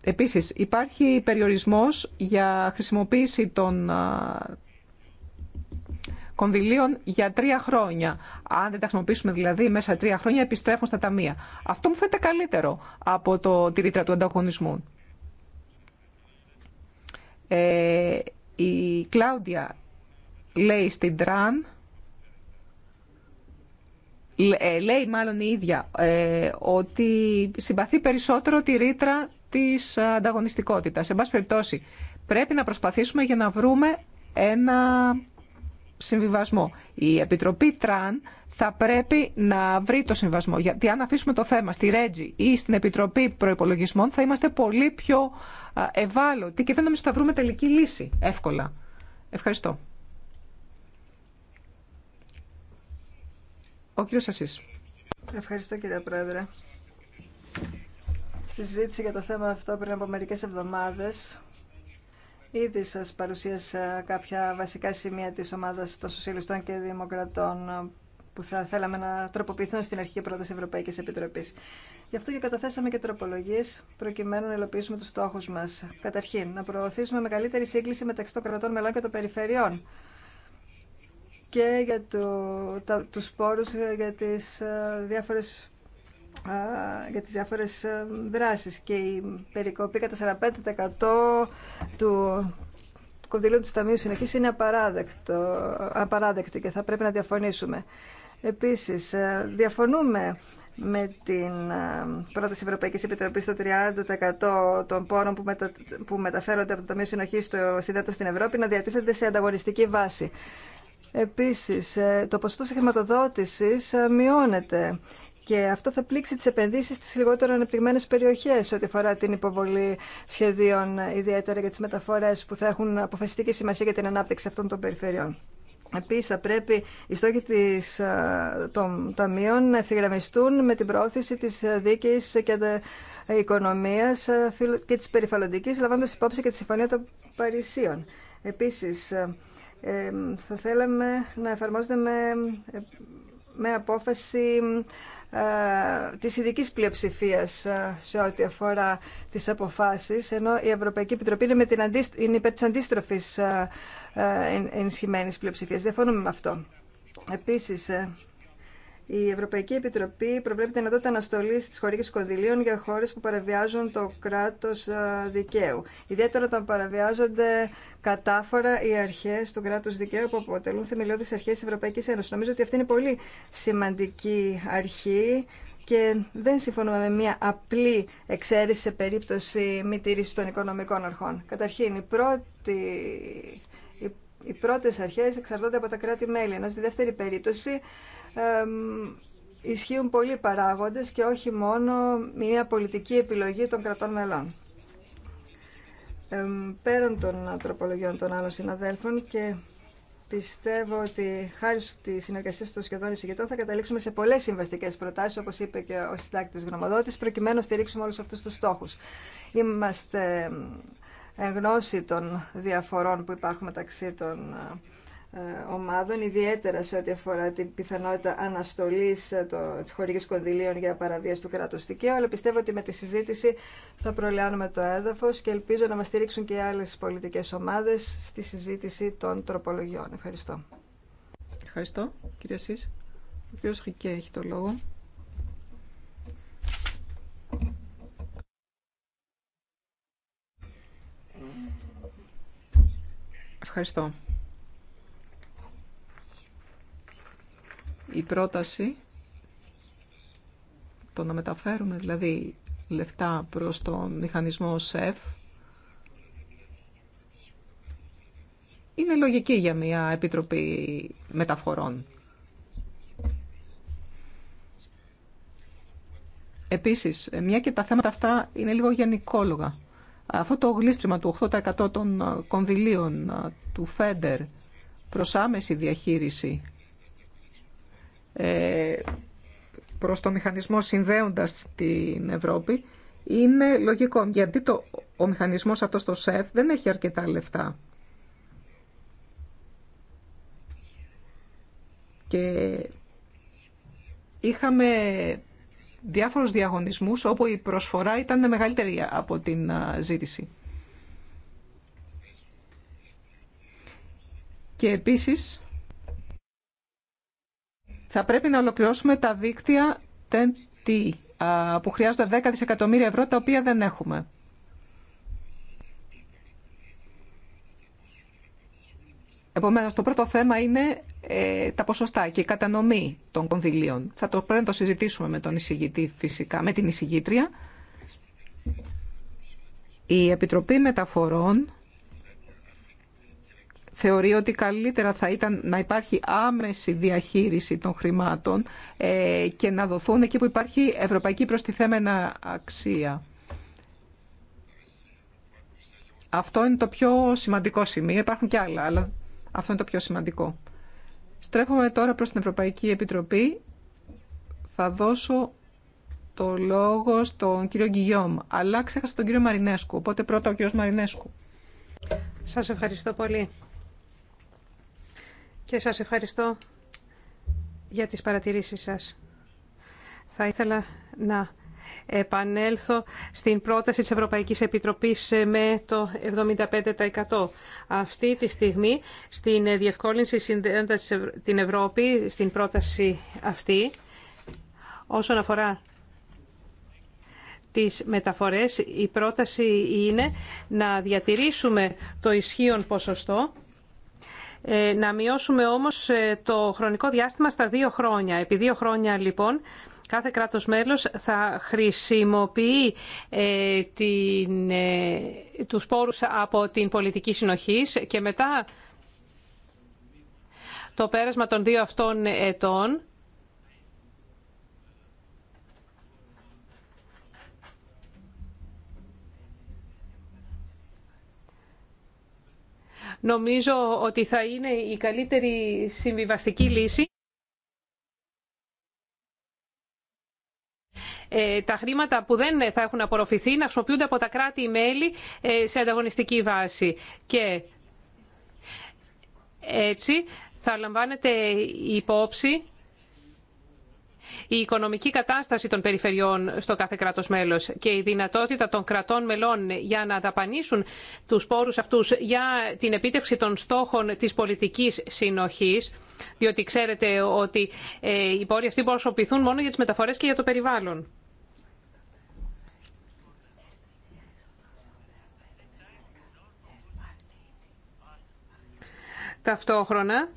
επίσης υπάρχει περιορισμός για χρησιμοποίηση των κονδυλίων για τρία χρόνια. Αν δεν τα χρησιμοποιήσουμε δηλαδή μέσα τρία χρόνια επιστρέφουν στα ταμεία. Αυτό μου φαίνεται καλύτερο από το, τη ρήτρα του ανταγωνισμού. Ε, η Κλάουντια λέει στην Τραν, ε, λέει μάλλον η ίδια, ε, ότι συμπαθεί περισσότερο τη ρήτρα της ανταγωνιστικότητας. Σε πάση περιπτώσει, πρέπει να προσπαθήσουμε για να βρούμε ένα συμβιβασμό. Η Επιτροπή Τραν θα πρέπει να βρει το συμβασμό. Γιατί αν αφήσουμε το θέμα στη Ρέτζη ή στην Επιτροπή Προϋπολογισμών θα είμαστε πολύ πιο Ευάλωτη και δεν νομίζω ότι θα βρούμε τελική λύση εύκολα. Ευχαριστώ. Ο κύριο Ασή. Ευχαριστώ κύριε Πρόεδρε. Στη συζήτηση για το θέμα αυτό πριν από μερικές εβδομάδες ήδη σα παρουσίασα κάποια βασικά σημεία της ομάδας των Σοσιαλιστών και Δημοκρατών που θα θέλαμε να τροποποιηθούν στην αρχική πρόταση Ευρωπαϊκή Επιτροπής. Γι' αυτό και καταθέσαμε και τροπολογίε προκειμένου να υλοποιήσουμε του στόχου μα. Καταρχήν, να προωθήσουμε μεγαλύτερη σύγκληση μεταξύ των κρατών μελών και των περιφερειών και για το, τα, τους σπόρους ε, για τις α, ε, διάφορες ε, για τις διάφορες δράσεις και η περικοπή κατά 45% του κονδυλίου του Ταμείου Συνοχής είναι απαράδεκτο, απαράδεκτη και θα πρέπει να διαφωνήσουμε. Επίσης, διαφωνούμε με την ε, πρόταση Ευρωπαϊκή Επιτροπή στο 30% των πόρων που, μετα... που μεταφέρονται από το Ταμείο Συνοχή στο Σιδέτο στην Ευρώπη να διατίθεται σε ανταγωνιστική βάση. Επίση, ε, το ποσοστό χρηματοδότηση ε, μειώνεται και αυτό θα πλήξει τι επενδύσει στις λιγότερο ανεπτυγμένε περιοχές ό,τι αφορά την υποβολή σχεδίων, ιδιαίτερα για τι μεταφορέ που θα έχουν αποφασιστική σημασία για την ανάπτυξη αυτών των περιφερειών. Επίσης θα πρέπει οι στόχοι της, των ταμείων να ευθυγραμμιστούν με την προώθηση της δίκαιης και οικονομίας και της περιφαλλοντικής, λαμβάνοντας υπόψη και τη Συμφωνία των Παρισίων. Επίσης, ε, θα θέλαμε να εφαρμόζονται με ε, με απόφαση ε, της ειδικής πλειοψηφίας ε, σε ό,τι αφορά τις αποφάσεις, ενώ η Ευρωπαϊκή Επιτροπή είναι, με την αντίστροφη, είναι υπέρ της αντίστροφης ε, ενισχυμένης πλειοψηφίας. Διαφωνούμε με αυτό. Επίσης, η Ευρωπαϊκή Επιτροπή προβλέπει τη δυνατότητα αναστολή τη χορήγηση κονδυλίων για χώρε που παραβιάζουν το κράτο ε, δικαίου. Ιδιαίτερα όταν παραβιάζονται κατάφορα οι αρχέ του κράτου δικαίου που αποτελούν θεμελιώδει αρχέ τη Ευρωπαϊκή Ένωση. Νομίζω ότι αυτή είναι πολύ σημαντική αρχή και δεν συμφωνούμε με μια απλή εξαίρεση σε περίπτωση μη τήρηση των οικονομικών αρχών. Καταρχήν, η οι πρώτε αρχέ εξαρτώνται από τα κράτη-μέλη, ενώ στη δεύτερη περίπτωση ισχύουν πολλοί παράγοντες και όχι μόνο μια πολιτική επιλογή των κρατών μελών. πέραν των τροπολογιών των άλλων συναδέλφων και πιστεύω ότι χάρη στη συνεργασία των σχεδόν εισηγητών θα καταλήξουμε σε πολλές συμβαστικές προτάσεις, όπως είπε και ο συντάκτης γνωμοδότης, προκειμένου να στηρίξουμε όλους αυτούς τους στόχους. Είμαστε εν γνώση των διαφορών που υπάρχουν μεταξύ των ε, ομάδων, ιδιαίτερα σε ό,τι αφορά την πιθανότητα αναστολή ε, τη της κονδυλίων για παραβίαση του κράτου δικαίου, αλλά πιστεύω ότι με τη συζήτηση θα προλιάνουμε το έδαφος και ελπίζω να μα στηρίξουν και άλλες πολιτικές ομάδες στη συζήτηση των τροπολογιών. Ευχαριστώ. Ευχαριστώ, κύριε Σύς. Ο κύριος Χικέ έχει το λόγο. Ευχαριστώ. η πρόταση το να μεταφέρουμε δηλαδή λεφτά προς τον μηχανισμό ΣΕΦ είναι λογική για μια επιτροπή μεταφορών. Επίσης, μια και τα θέματα αυτά είναι λίγο γενικόλογα. Αυτό το γλίστριμα του 8% των κονδυλίων του ΦΕΝΤΕΡ προς άμεση διαχείριση ε, προς το μηχανισμό συνδέοντας την Ευρώπη είναι λογικό. Γιατί το, ο μηχανισμός αυτός το ΣΕΦ δεν έχει αρκετά λεφτά. Και είχαμε διάφορους διαγωνισμούς όπου η προσφορά ήταν μεγαλύτερη από την ζήτηση. Και επίσης θα πρέπει να ολοκληρώσουμε τα δίκτυα TNT που χρειάζονται 10 δισεκατομμύρια ευρώ τα οποία δεν έχουμε. Επομένω, το πρώτο θέμα είναι ε, τα ποσοστά και η κατανομή των κονδυλίων. Θα το πρέπει να το συζητήσουμε με τον εισηγητή φυσικά, με την εισηγήτρια. Η Επιτροπή Μεταφορών θεωρεί ότι καλύτερα θα ήταν να υπάρχει άμεση διαχείριση των χρημάτων ε, και να δοθούν εκεί που υπάρχει ευρωπαϊκή προστιθέμενα αξία. Αυτό είναι το πιο σημαντικό σημείο. Υπάρχουν και άλλα, αλλά αυτό είναι το πιο σημαντικό. Στρέφομαι τώρα προς την Ευρωπαϊκή Επιτροπή. Θα δώσω το λόγο στον κύριο Γκυγιόμ, αλλά ξέχασα τον κύριο Μαρινέσκου, οπότε πρώτα ο κύριος Μαρινέσκου. Σας ευχαριστώ πολύ και σας ευχαριστώ για τις παρατηρήσεις σας. Θα ήθελα να επανέλθω στην πρόταση της Ευρωπαϊκής Επιτροπής με το 75%. Αυτή τη στιγμή στην διευκόλυνση συνδέοντας την Ευρώπη, στην πρόταση αυτή, όσον αφορά τις μεταφορές, η πρόταση είναι να διατηρήσουμε το ισχύον ποσοστό ε, να μειώσουμε όμως ε, το χρονικό διάστημα στα δύο χρόνια. Επί δύο χρόνια λοιπόν κάθε κράτος μέλος θα χρησιμοποιεί ε, την, ε, τους πόρους από την πολιτική συνοχής και μετά το πέρασμα των δύο αυτών ετών νομίζω ότι θα είναι η καλύτερη συμβιβαστική λύση. Ε, τα χρήματα που δεν θα έχουν απορροφηθεί να χρησιμοποιούνται από τα κράτη-μέλη ε, σε ανταγωνιστική βάση. Και έτσι θα λαμβάνεται υπόψη η οικονομική κατάσταση των περιφερειών στο κάθε κράτος μέλος και η δυνατότητα των κρατών μελών για να δαπανίσουν τους πόρους αυτούς για την επίτευξη των στόχων της πολιτικής συνοχής, διότι ξέρετε ότι ε, οι πόροι αυτοί προσωπηθούν μόνο για τις μεταφορές και για το περιβάλλον. Ταυτόχρονα,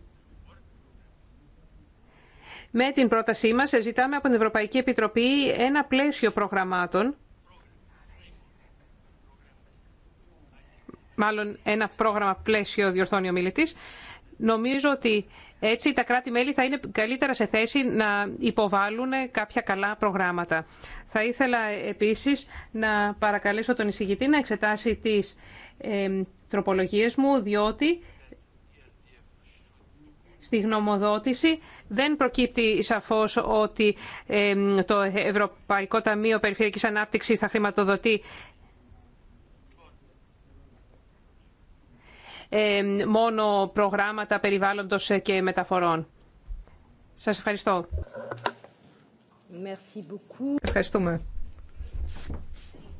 με την πρότασή μας ζητάμε από την Ευρωπαϊκή Επιτροπή ένα πλαίσιο προγραμμάτων, μάλλον ένα πρόγραμμα πλαίσιο διορθώνει ο μιλητής. Νομίζω ότι έτσι τα κράτη-μέλη θα είναι καλύτερα σε θέση να υποβάλουν κάποια καλά προγράμματα. Θα ήθελα επίσης να παρακαλέσω τον εισηγητή να εξετάσει τις ε, τροπολογίες μου, διότι στη γνωμοδότηση δεν προκύπτει σαφώς ότι το Ευρωπαϊκό Ταμείο Περιφερειακής Ανάπτυξης θα χρηματοδοτεί μόνο προγράμματα περιβάλλοντος και μεταφορών. Σας ευχαριστώ. Merci Ευχαριστούμε.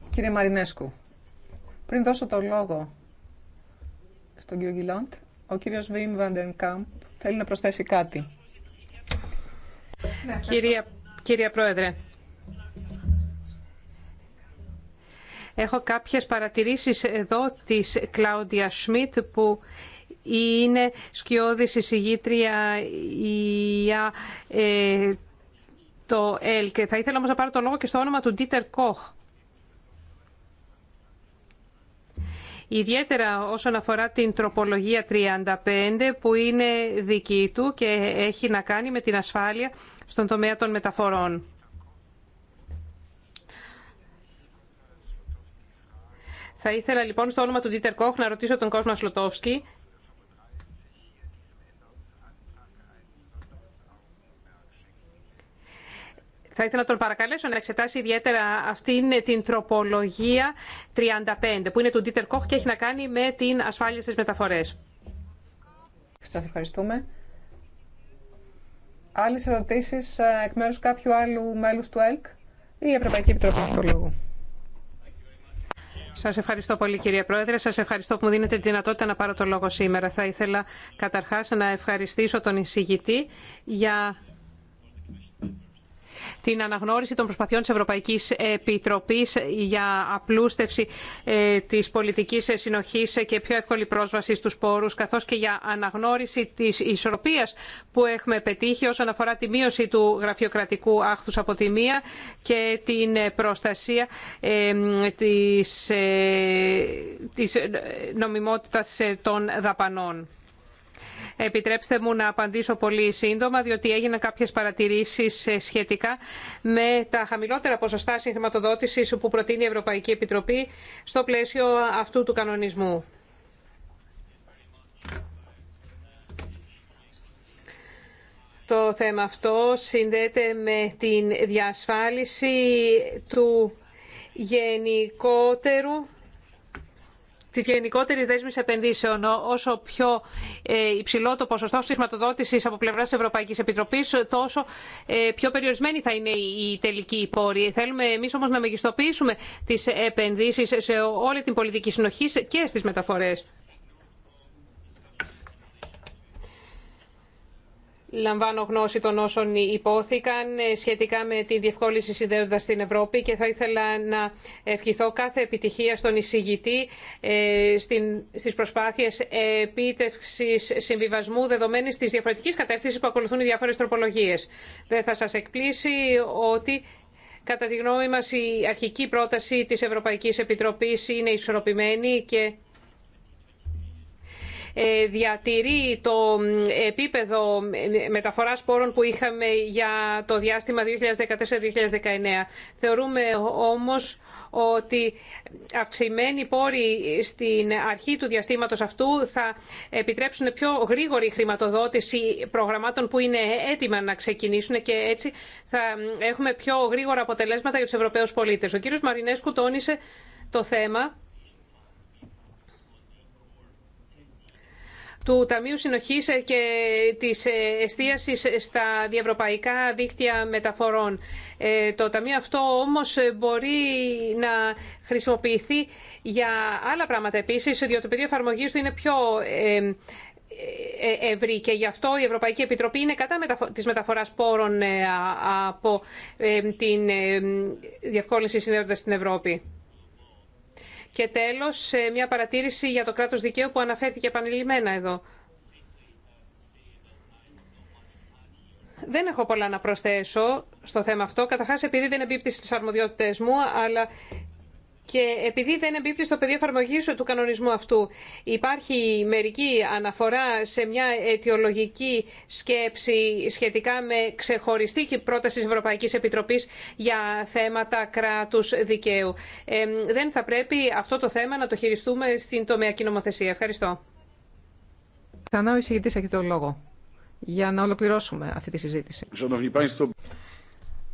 Κύριε Μαρινέσκου, πριν δώσω το λόγο στον κύριο Γιλόντ, ο κύριος Βίμ Βαντενκάμπ θέλει να προσθέσει κάτι. Ναι, κυρία, κυρία Πρόεδρε, έχω κάποιες παρατηρήσεις εδώ της Κλάουντια Σμιτ που είναι σκιώδης εισηγήτρια για ε, το ΕΛ. θα ήθελα όμως να πάρω το λόγο και στο όνομα του Ντίτερ Κοχ ιδιαίτερα όσον αφορά την τροπολογία 35 που είναι δική του και έχει να κάνει με την ασφάλεια στον τομέα των μεταφορών. Θα ήθελα λοιπόν στο όνομα του Ντίτερ Κόχ να ρωτήσω τον κόσμο Σλοτόφσκι Θα ήθελα να τον παρακαλέσω να εξετάσει ιδιαίτερα αυτήν την τροπολογία 35, που είναι του Ντίτερ Κόχ και έχει να κάνει με την ασφάλεια στις μεταφορές. Σας ευχαριστούμε. Άλλες ερωτήσεις ε, εκ μέρους κάποιου άλλου μέλους του ΕΛΚ ή η ευρωπαικη Επιτροπή του Λόγου. Σα ευχαριστώ πολύ, κύριε Πρόεδρε. Σα ευχαριστώ που μου δίνετε τη δυνατότητα να πάρω το λόγο σήμερα. Θα ήθελα καταρχά να ευχαριστήσω τον εισηγητή για την αναγνώριση των προσπαθειών της Ευρωπαϊκής Επιτροπής για απλούστευση ε, της πολιτικής συνοχής και πιο εύκολη πρόσβαση στους πόρους, καθώς και για αναγνώριση της ισορροπίας που έχουμε πετύχει όσον αφορά τη μείωση του γραφειοκρατικού άχθους από τη μία και την προστασία ε, ε, της νομιμότητας των δαπανών. Επιτρέψτε μου να απαντήσω πολύ σύντομα, διότι έγιναν κάποιες παρατηρήσεις ε, σχετικά με τα χαμηλότερα ποσοστά συγχρηματοδότησης που προτείνει η Ευρωπαϊκή Επιτροπή στο πλαίσιο αυτού του κανονισμού. Το θέμα αυτό συνδέεται με την διασφάλιση του γενικότερου της γενικότερη δέσμης επενδύσεων. Όσο πιο ε, υψηλό το ποσοστό χρηματοδότηση από πλευρά τη Ευρωπαϊκής Επιτροπής, τόσο ε, πιο περιορισμένη θα είναι η τελική πόρη. Θέλουμε εμεί όμω να μεγιστοποιήσουμε τις επενδύσεις σε όλη την πολιτική συνοχή και στις μεταφορές. Λαμβάνω γνώση των όσων υπόθηκαν ε, σχετικά με τη διευκόλυνση συνδέοντας στην Ευρώπη και θα ήθελα να ευχηθώ κάθε επιτυχία στον εισηγητή ε, στις προσπάθειες επίτευξης συμβιβασμού δεδομένης της διαφορετικής κατεύθυνσης που ακολουθούν οι διάφορες τροπολογίες. Δεν θα σας εκπλήσει ότι κατά τη γνώμη μα η αρχική πρόταση της Ευρωπαϊκής Επιτροπής είναι ισορροπημένη και ε, διατηρεί το επίπεδο μεταφοράς πόρων που είχαμε για το διάστημα 2014-2019. Θεωρούμε όμως ότι αυξημένοι πόροι στην αρχή του διαστήματος αυτού θα επιτρέψουν πιο γρήγορη χρηματοδότηση προγραμμάτων που είναι έτοιμα να ξεκινήσουν και έτσι θα έχουμε πιο γρήγορα αποτελέσματα για τους Ευρωπαίους πολίτες. Ο κύριος Μαρινέσκου τόνισε το θέμα του Ταμείου Συνοχής ε, και της ε, εστίασης ε, στα διευρωπαϊκά δίκτυα μεταφορών. Το Ταμείο αυτό όμως μπορεί να χρησιμοποιηθεί για άλλα πράγματα επίσης, διότι το πεδίο εφαρμογή του είναι πιο ευρύ και γι' αυτό η Ευρωπαϊκή Επιτροπή είναι κατά της μεταφοράς πόρων από την διευκόλυνση συνδέοντας στην Ευρώπη. Και τέλος, ε, μια παρατήρηση για το κράτος δικαίου που αναφέρθηκε επανειλημμένα εδώ. Δεν έχω πολλά να προσθέσω στο θέμα αυτό, καταρχάς επειδή δεν εμπίπτει στι αρμοδιότητες μου, αλλά και επειδή δεν εμπίπτει στο πεδίο εφαρμογή του κανονισμού αυτού, υπάρχει μερική αναφορά σε μια αιτιολογική σκέψη σχετικά με ξεχωριστή πρόταση τη Ευρωπαϊκή Επιτροπή για θέματα κράτου δικαίου. Ε, δεν θα πρέπει αυτό το θέμα να το χειριστούμε στην τομεακή νομοθεσία. Ευχαριστώ. Ξανά ο εισηγητή έχει το λόγο για να ολοκληρώσουμε αυτή τη συζήτηση.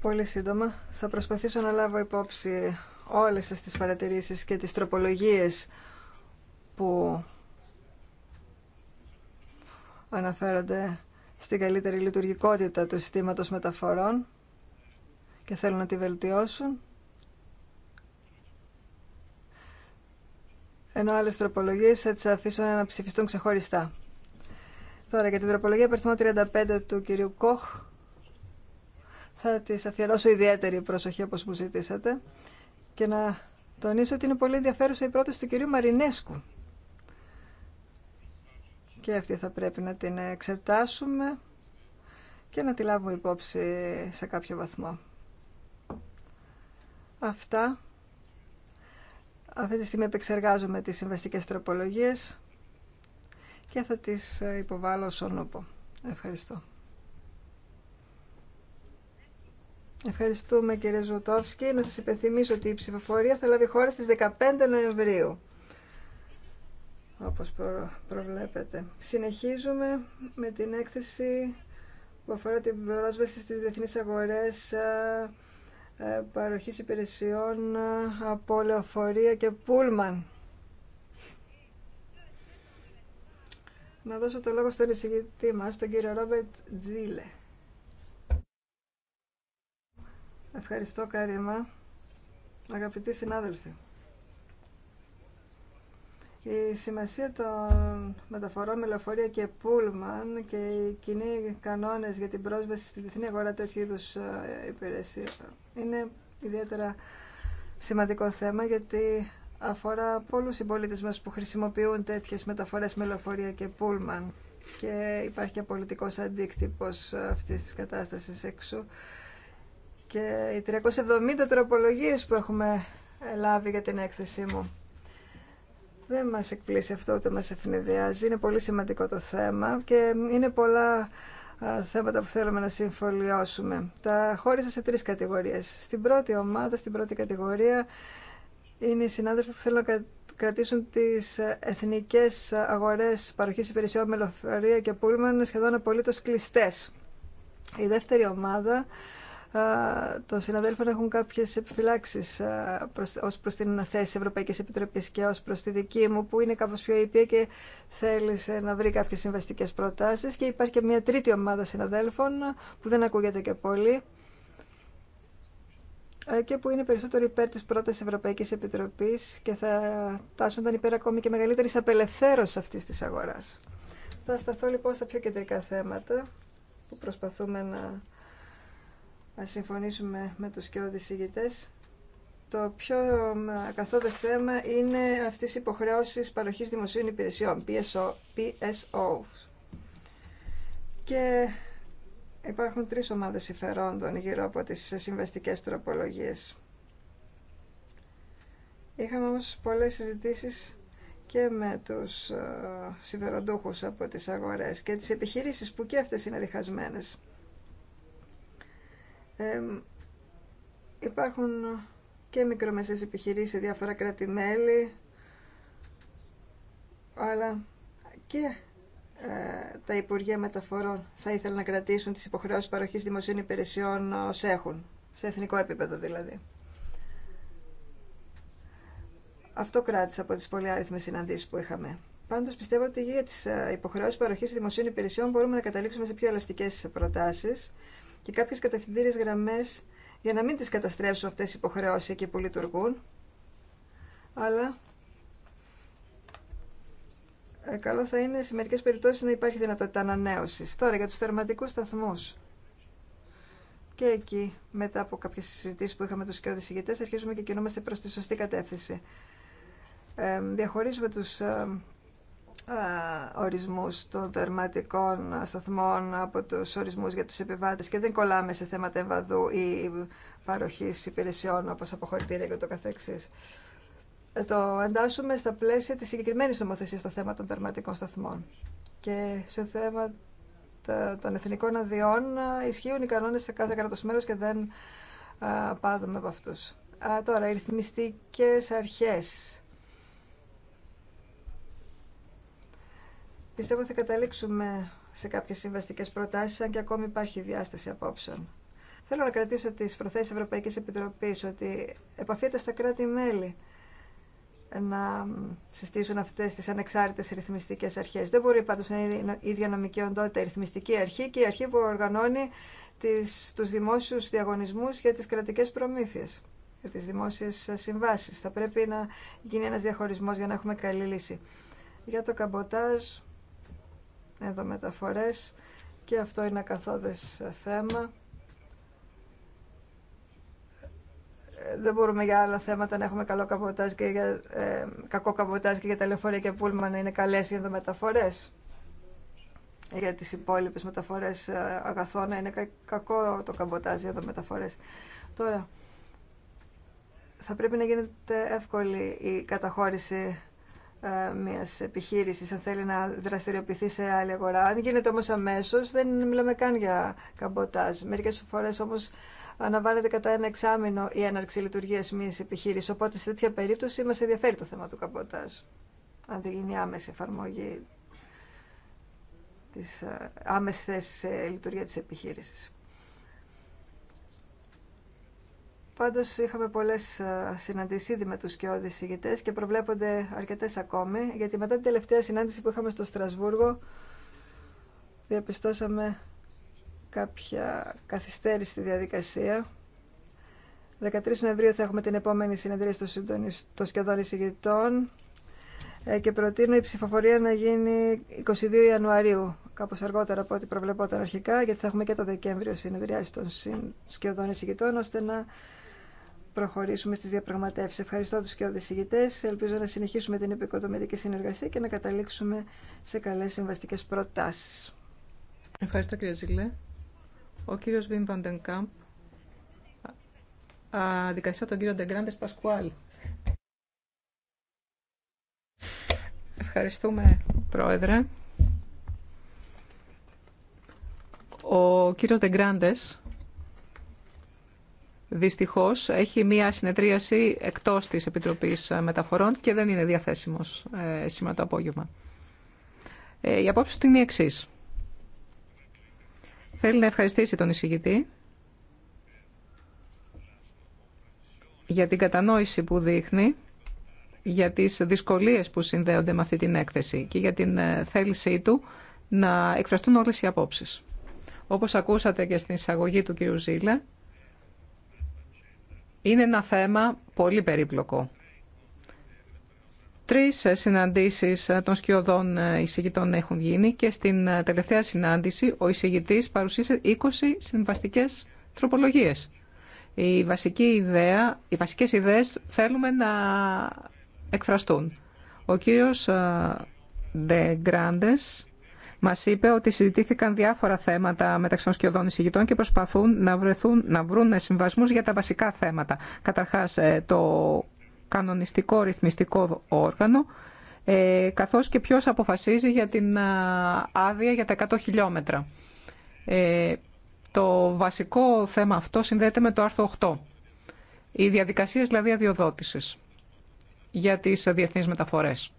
Πολύ σύντομα. Θα προσπαθήσω να λάβω υπόψη όλες σας τις παρατηρήσεις και τις τροπολογίες που αναφέρονται στην καλύτερη λειτουργικότητα του συστήματος μεταφορών και θέλουν να τη βελτιώσουν. Ενώ άλλε τροπολογίες θα τι αφήσουν να ψηφιστούν ξεχωριστά. Τώρα για την τροπολογία περιθμό 35 του κυρίου Κοχ θα της αφιερώσω ιδιαίτερη προσοχή όπως μου ζητήσατε και να τονίσω ότι είναι πολύ ενδιαφέρουσα η πρόταση του κυρίου Μαρινέσκου. Και αυτή θα πρέπει να την εξετάσουμε και να τη λάβουμε υπόψη σε κάποιο βαθμό. Αυτά. Αυτή τη στιγμή επεξεργάζομαι τις συμβαστικές τροπολογίες και θα τις υποβάλω στον Ευχαριστώ. Ευχαριστούμε κύριε Ζωτόφσκι. Να σας υπενθυμίσω ότι η ψηφοφορία θα λάβει χώρα στις 15 Νοεμβρίου, όπως προβλέπετε. Συνεχίζουμε με την έκθεση που αφορά την πρόσβαση στις διεθνείς αγορές παροχής υπηρεσιών από λεωφορεία και πούλμαν. Να δώσω το λόγο στον εισηγητή μας, τον κύριο Ρόμπερτ Τζίλε. Ευχαριστώ, Καρίμα. Αγαπητοί συνάδελφοι. Η σημασία των μεταφορών με λεωφορεία και πούλμαν και οι κοινοί κανόνες για την πρόσβαση στη διεθνή αγορά τέτοιου είδου ε, υπηρεσία είναι ιδιαίτερα σημαντικό θέμα γιατί αφορά πολλούς συμπολίτε μας που χρησιμοποιούν τέτοιες μεταφορές με λεωφορεία και πούλμαν και υπάρχει και πολιτικός αντίκτυπος ε, αυτής της κατάστασης έξω και οι 370 τροπολογίες που έχουμε λάβει για την έκθεσή μου. Δεν μας εκπλήσει αυτό, ούτε μας ευνηδιάζει. Είναι πολύ σημαντικό το θέμα και είναι πολλά θέματα που θέλουμε να συμφωλιώσουμε. Τα χώρισα σε τρεις κατηγορίες. Στην πρώτη ομάδα, στην πρώτη κατηγορία, είναι οι συνάδελφοι που θέλουν να κρατήσουν τις εθνικές αγορές παροχής υπηρεσιών με λεωφορεία και πούλμαν σχεδόν απολύτως κλειστές. Η δεύτερη ομάδα των συναδέλφων έχουν κάποιε επιφυλάξει ω προ την θέση τη Ευρωπαϊκή Επιτροπή και ω προ τη δική μου που είναι κάπως πιο ήπια και θέλησε να βρει κάποιε συμβαστικέ προτάσει και υπάρχει και μια τρίτη ομάδα συναδέλφων που δεν ακούγεται και πολύ ε, και που είναι περισσότερο υπέρ της πρώτης Ευρωπαϊκής Επιτροπής και θα τάσσονταν υπέρ ακόμη και μεγαλύτερης απελευθέρωσης αυτής της αγοράς. Θα σταθώ λοιπόν στα πιο κεντρικά θέματα που προσπαθούμε να να συμφωνήσουμε με τους και ηγητές. Το πιο καθόδες θέμα είναι αυτής οι υποχρεώσεις παροχής δημοσίων υπηρεσιών, PSO, PSO. Και υπάρχουν τρεις ομάδες υφερόντων γύρω από τις συμβαστικές τροπολογίες. Είχαμε όμως πολλές συζητήσεις και με τους ε, συμφεροντούχους από τις αγορές και τις επιχειρήσεις που και αυτές είναι διχασμένες. Ε, υπάρχουν και μικρομεσαίες επιχειρήσεις σε διάφορα κράτη-μέλη, αλλά και ε, τα Υπουργεία Μεταφορών θα ήθελαν να κρατήσουν τις υποχρεώσεις παροχής δημοσίων υπηρεσιών ως έχουν, σε εθνικό επίπεδο δηλαδή. Αυτό κράτησα από τις άριθμες συναντήσεις που είχαμε. Πάντω πιστεύω ότι για τι ε, υποχρεώσει παροχή δημοσίων υπηρεσιών μπορούμε να καταλήξουμε σε πιο ελαστικέ προτάσει και κάποιες κατευθυντήριες γραμμές για να μην τις καταστρέψουν αυτές οι υποχρεώσεις εκεί που λειτουργούν, αλλά ε, καλό θα είναι σε μερικές περιπτώσεις να υπάρχει δυνατότητα ανανέωσης. Τώρα για τους θερματικούς σταθμούς. Και εκεί, μετά από κάποιες συζητήσεις που είχαμε τους και ηγητές, αρχίζουμε και κινούμαστε προς τη σωστή κατεύθυνση. Ε, διαχωρίζουμε τους ε, ορισμούς των τερματικών σταθμών από τους ορισμούς για τους επιβάτες και δεν κολλάμε σε θέματα εμβαδού ή παροχή υπηρεσιών όπως αποχωρητήρια και το καθεξής. Ε, το εντάσσουμε στα πλαίσια της συγκεκριμένης νομοθεσίας στο θέμα των τερματικών σταθμών. Και σε θέμα των εθνικών αδειών ε, ισχύουν οι κανόνες σε κάθε κράτος μέλος και δεν ε, πάδουμε από αυτούς. τώρα, οι ρυθμιστικές αρχές Πιστεύω θα καταλήξουμε σε κάποιες συμβαστικές προτάσεις, αν και ακόμη υπάρχει διάσταση απόψεων. Θέλω να κρατήσω τις προθέσεις Ευρωπαϊκής Επιτροπής, ότι επαφείται στα κράτη-μέλη να συστήσουν αυτές τις ανεξάρτητες ρυθμιστικές αρχές. Δεν μπορεί πάντως να είναι η ίδια νομική οντότητα η ρυθμιστική αρχή και η αρχή που οργανώνει του τους δημόσιους για τις κρατικές προμήθειες, για τις δημόσιες συμβάσεις. Θα πρέπει να γίνει ένας διαχωρισμός για να έχουμε καλή λύση. Για το καμποτάζ μεταφορές και αυτό είναι ακαθόδες θέμα. Δεν μπορούμε για άλλα θέματα να έχουμε καλό καμποτάζ και για, ε, κακό καμποτάζ και για τα λεωφορεία και πούλμα να είναι καλές οι ενδομεταφορές. Για τις υπόλοιπες μεταφορές ε, αγαθών να είναι κακό το καμποτάζ για μεταφορές Τώρα, θα πρέπει να γίνεται εύκολη η καταχώρηση ε, μία επιχείρηση αν θέλει να δραστηριοποιηθεί σε άλλη αγορά. Αν γίνεται όμω αμέσω δεν μιλάμε καν για καμποτάζ. Μερικές φορές όμως αναβάλλεται κατά ένα εξάμεινο η έναρξη λειτουργία μια επιχείρηση Οπότε σε τέτοια περίπτωση μα ενδιαφέρει το θέμα του καμποτάζ. Αν δεν γίνει άμεση εφαρμογή τη ε, άμεση θέση σε λειτουργία τη επιχείρηση. Πάντω, είχαμε πολλές συναντήσει ήδη με τους σκιώδει ηγητέ και προβλέπονται αρκετέ ακόμη, γιατί μετά την τελευταία συνάντηση που είχαμε στο Στρασβούργο διαπιστώσαμε κάποια καθυστέρηση στη διαδικασία. 13 Νοεμβρίου θα έχουμε την επόμενη συνεδρία στο των σκιωδών εισηγητών ε, και προτείνω η ψηφοφορία να γίνει 22 Ιανουαρίου, κάπως αργότερα από ό,τι προβλεπόταν αρχικά, γιατί θα έχουμε και το Δεκέμβριο συνεδριάσει των σκιωδών εισηγητών, ώστε να προχωρήσουμε στις διαπραγματεύσεις. Ευχαριστώ τους και οδησηγητές. Ελπίζω να συνεχίσουμε την επικοδομητική συνεργασία και να καταλήξουμε σε καλές συμβαστικές προτάσεις. Ευχαριστώ κύριε Ζήλε. Ο κύριος Βιμ Βαντενκάμπ δικαστήριο τον κύριο Ντεγκράντες Πασκουάλ. Ευχαριστούμε, Πρόεδρε. Ο κύριος Ντεγκράντες Δυστυχώ έχει μία συνεδρίαση εκτό της Επιτροπής Μεταφορών και δεν είναι διαθέσιμος ε, σήμερα το απόγευμα. Ε, η απόψη του είναι η εξή. Θέλει να ευχαριστήσει τον εισηγητή για την κατανόηση που δείχνει για τις δυσκολίες που συνδέονται με αυτή την έκθεση και για την ε, θέλησή του να εκφραστούν όλες οι απόψεις. Όπως ακούσατε και στην εισαγωγή του κ. Ζήλα, είναι ένα θέμα πολύ περίπλοκο. Τρεις συναντήσεις των σκιωδών εισηγητών έχουν γίνει και στην τελευταία συνάντηση ο εισηγητής παρουσίασε 20 συμβαστικές τροπολογίες. Η βασική ιδέα, οι βασικές ιδέες θέλουμε να εκφραστούν. Ο κύριος de ε, grandes Μα είπε ότι συζητήθηκαν διάφορα θέματα μεταξύ των σκιωδών εισηγητών και προσπαθούν να, βρουν συμβασμού για τα βασικά θέματα. Καταρχά, ε, το κανονιστικό ρυθμιστικό όργανο, ε, καθώ και ποιο αποφασίζει για την ε, άδεια για τα 100 χιλιόμετρα. το βασικό θέμα αυτό συνδέεται με το άρθρο 8. Οι διαδικασίες δηλαδή αδειοδότησης για τις διεθνείς μεταφορές.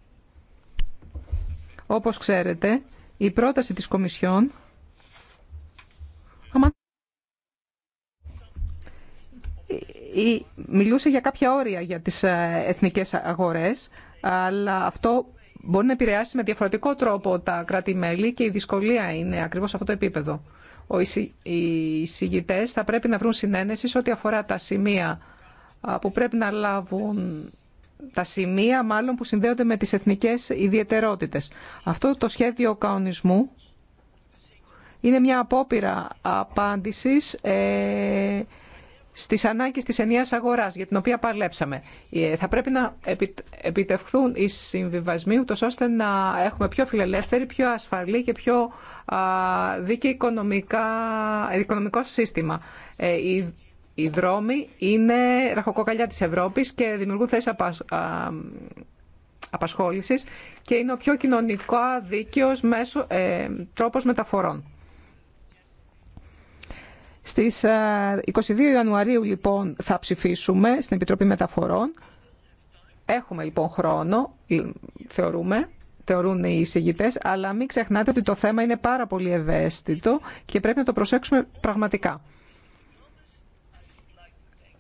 Όπως ξέρετε, η πρόταση της Κομισιόν μιλούσε για κάποια όρια για τις ε, εθνικές αγορές, αλλά αυτό μπορεί να επηρεάσει με διαφορετικό τρόπο τα κράτη-μέλη και η δυσκολία είναι ακριβώς αυτό το επίπεδο. Οι συγητές θα πρέπει να βρουν συνένεση σε ό,τι αφορά τα σημεία που πρέπει να λάβουν τα σημεία μάλλον που συνδέονται με τις εθνικές ιδιαιτερότητες. Αυτό το σχέδιο καονισμού είναι μια απόπειρα απάντησης ε, στις ανάγκες της ενιαίας αγοράς για την οποία παλέψαμε. Ε, θα πρέπει να επιτευχθούν οι συμβιβασμοί ούτως ώστε να έχουμε πιο φιλελεύθερη, πιο ασφαλή και πιο δίκαιο οικονομικό σύστημα. Ε, οι δρόμοι είναι ραχοκοκαλιά της Ευρώπης και δημιουργούν θέσεις απασχόλησης και είναι ο πιο κοινωνικό δίκαιος μέσω, ε, τρόπος μεταφορών. Στις 22 ε, Ιανουαρίου λοιπόν θα ψηφίσουμε στην Επιτροπή Μεταφορών. Έχουμε λοιπόν χρόνο, θεωρούμε, θεωρούν οι εισηγητές, αλλά μην ξεχνάτε ότι το θέμα είναι πάρα πολύ ευαίσθητο και πρέπει να το προσέξουμε πραγματικά.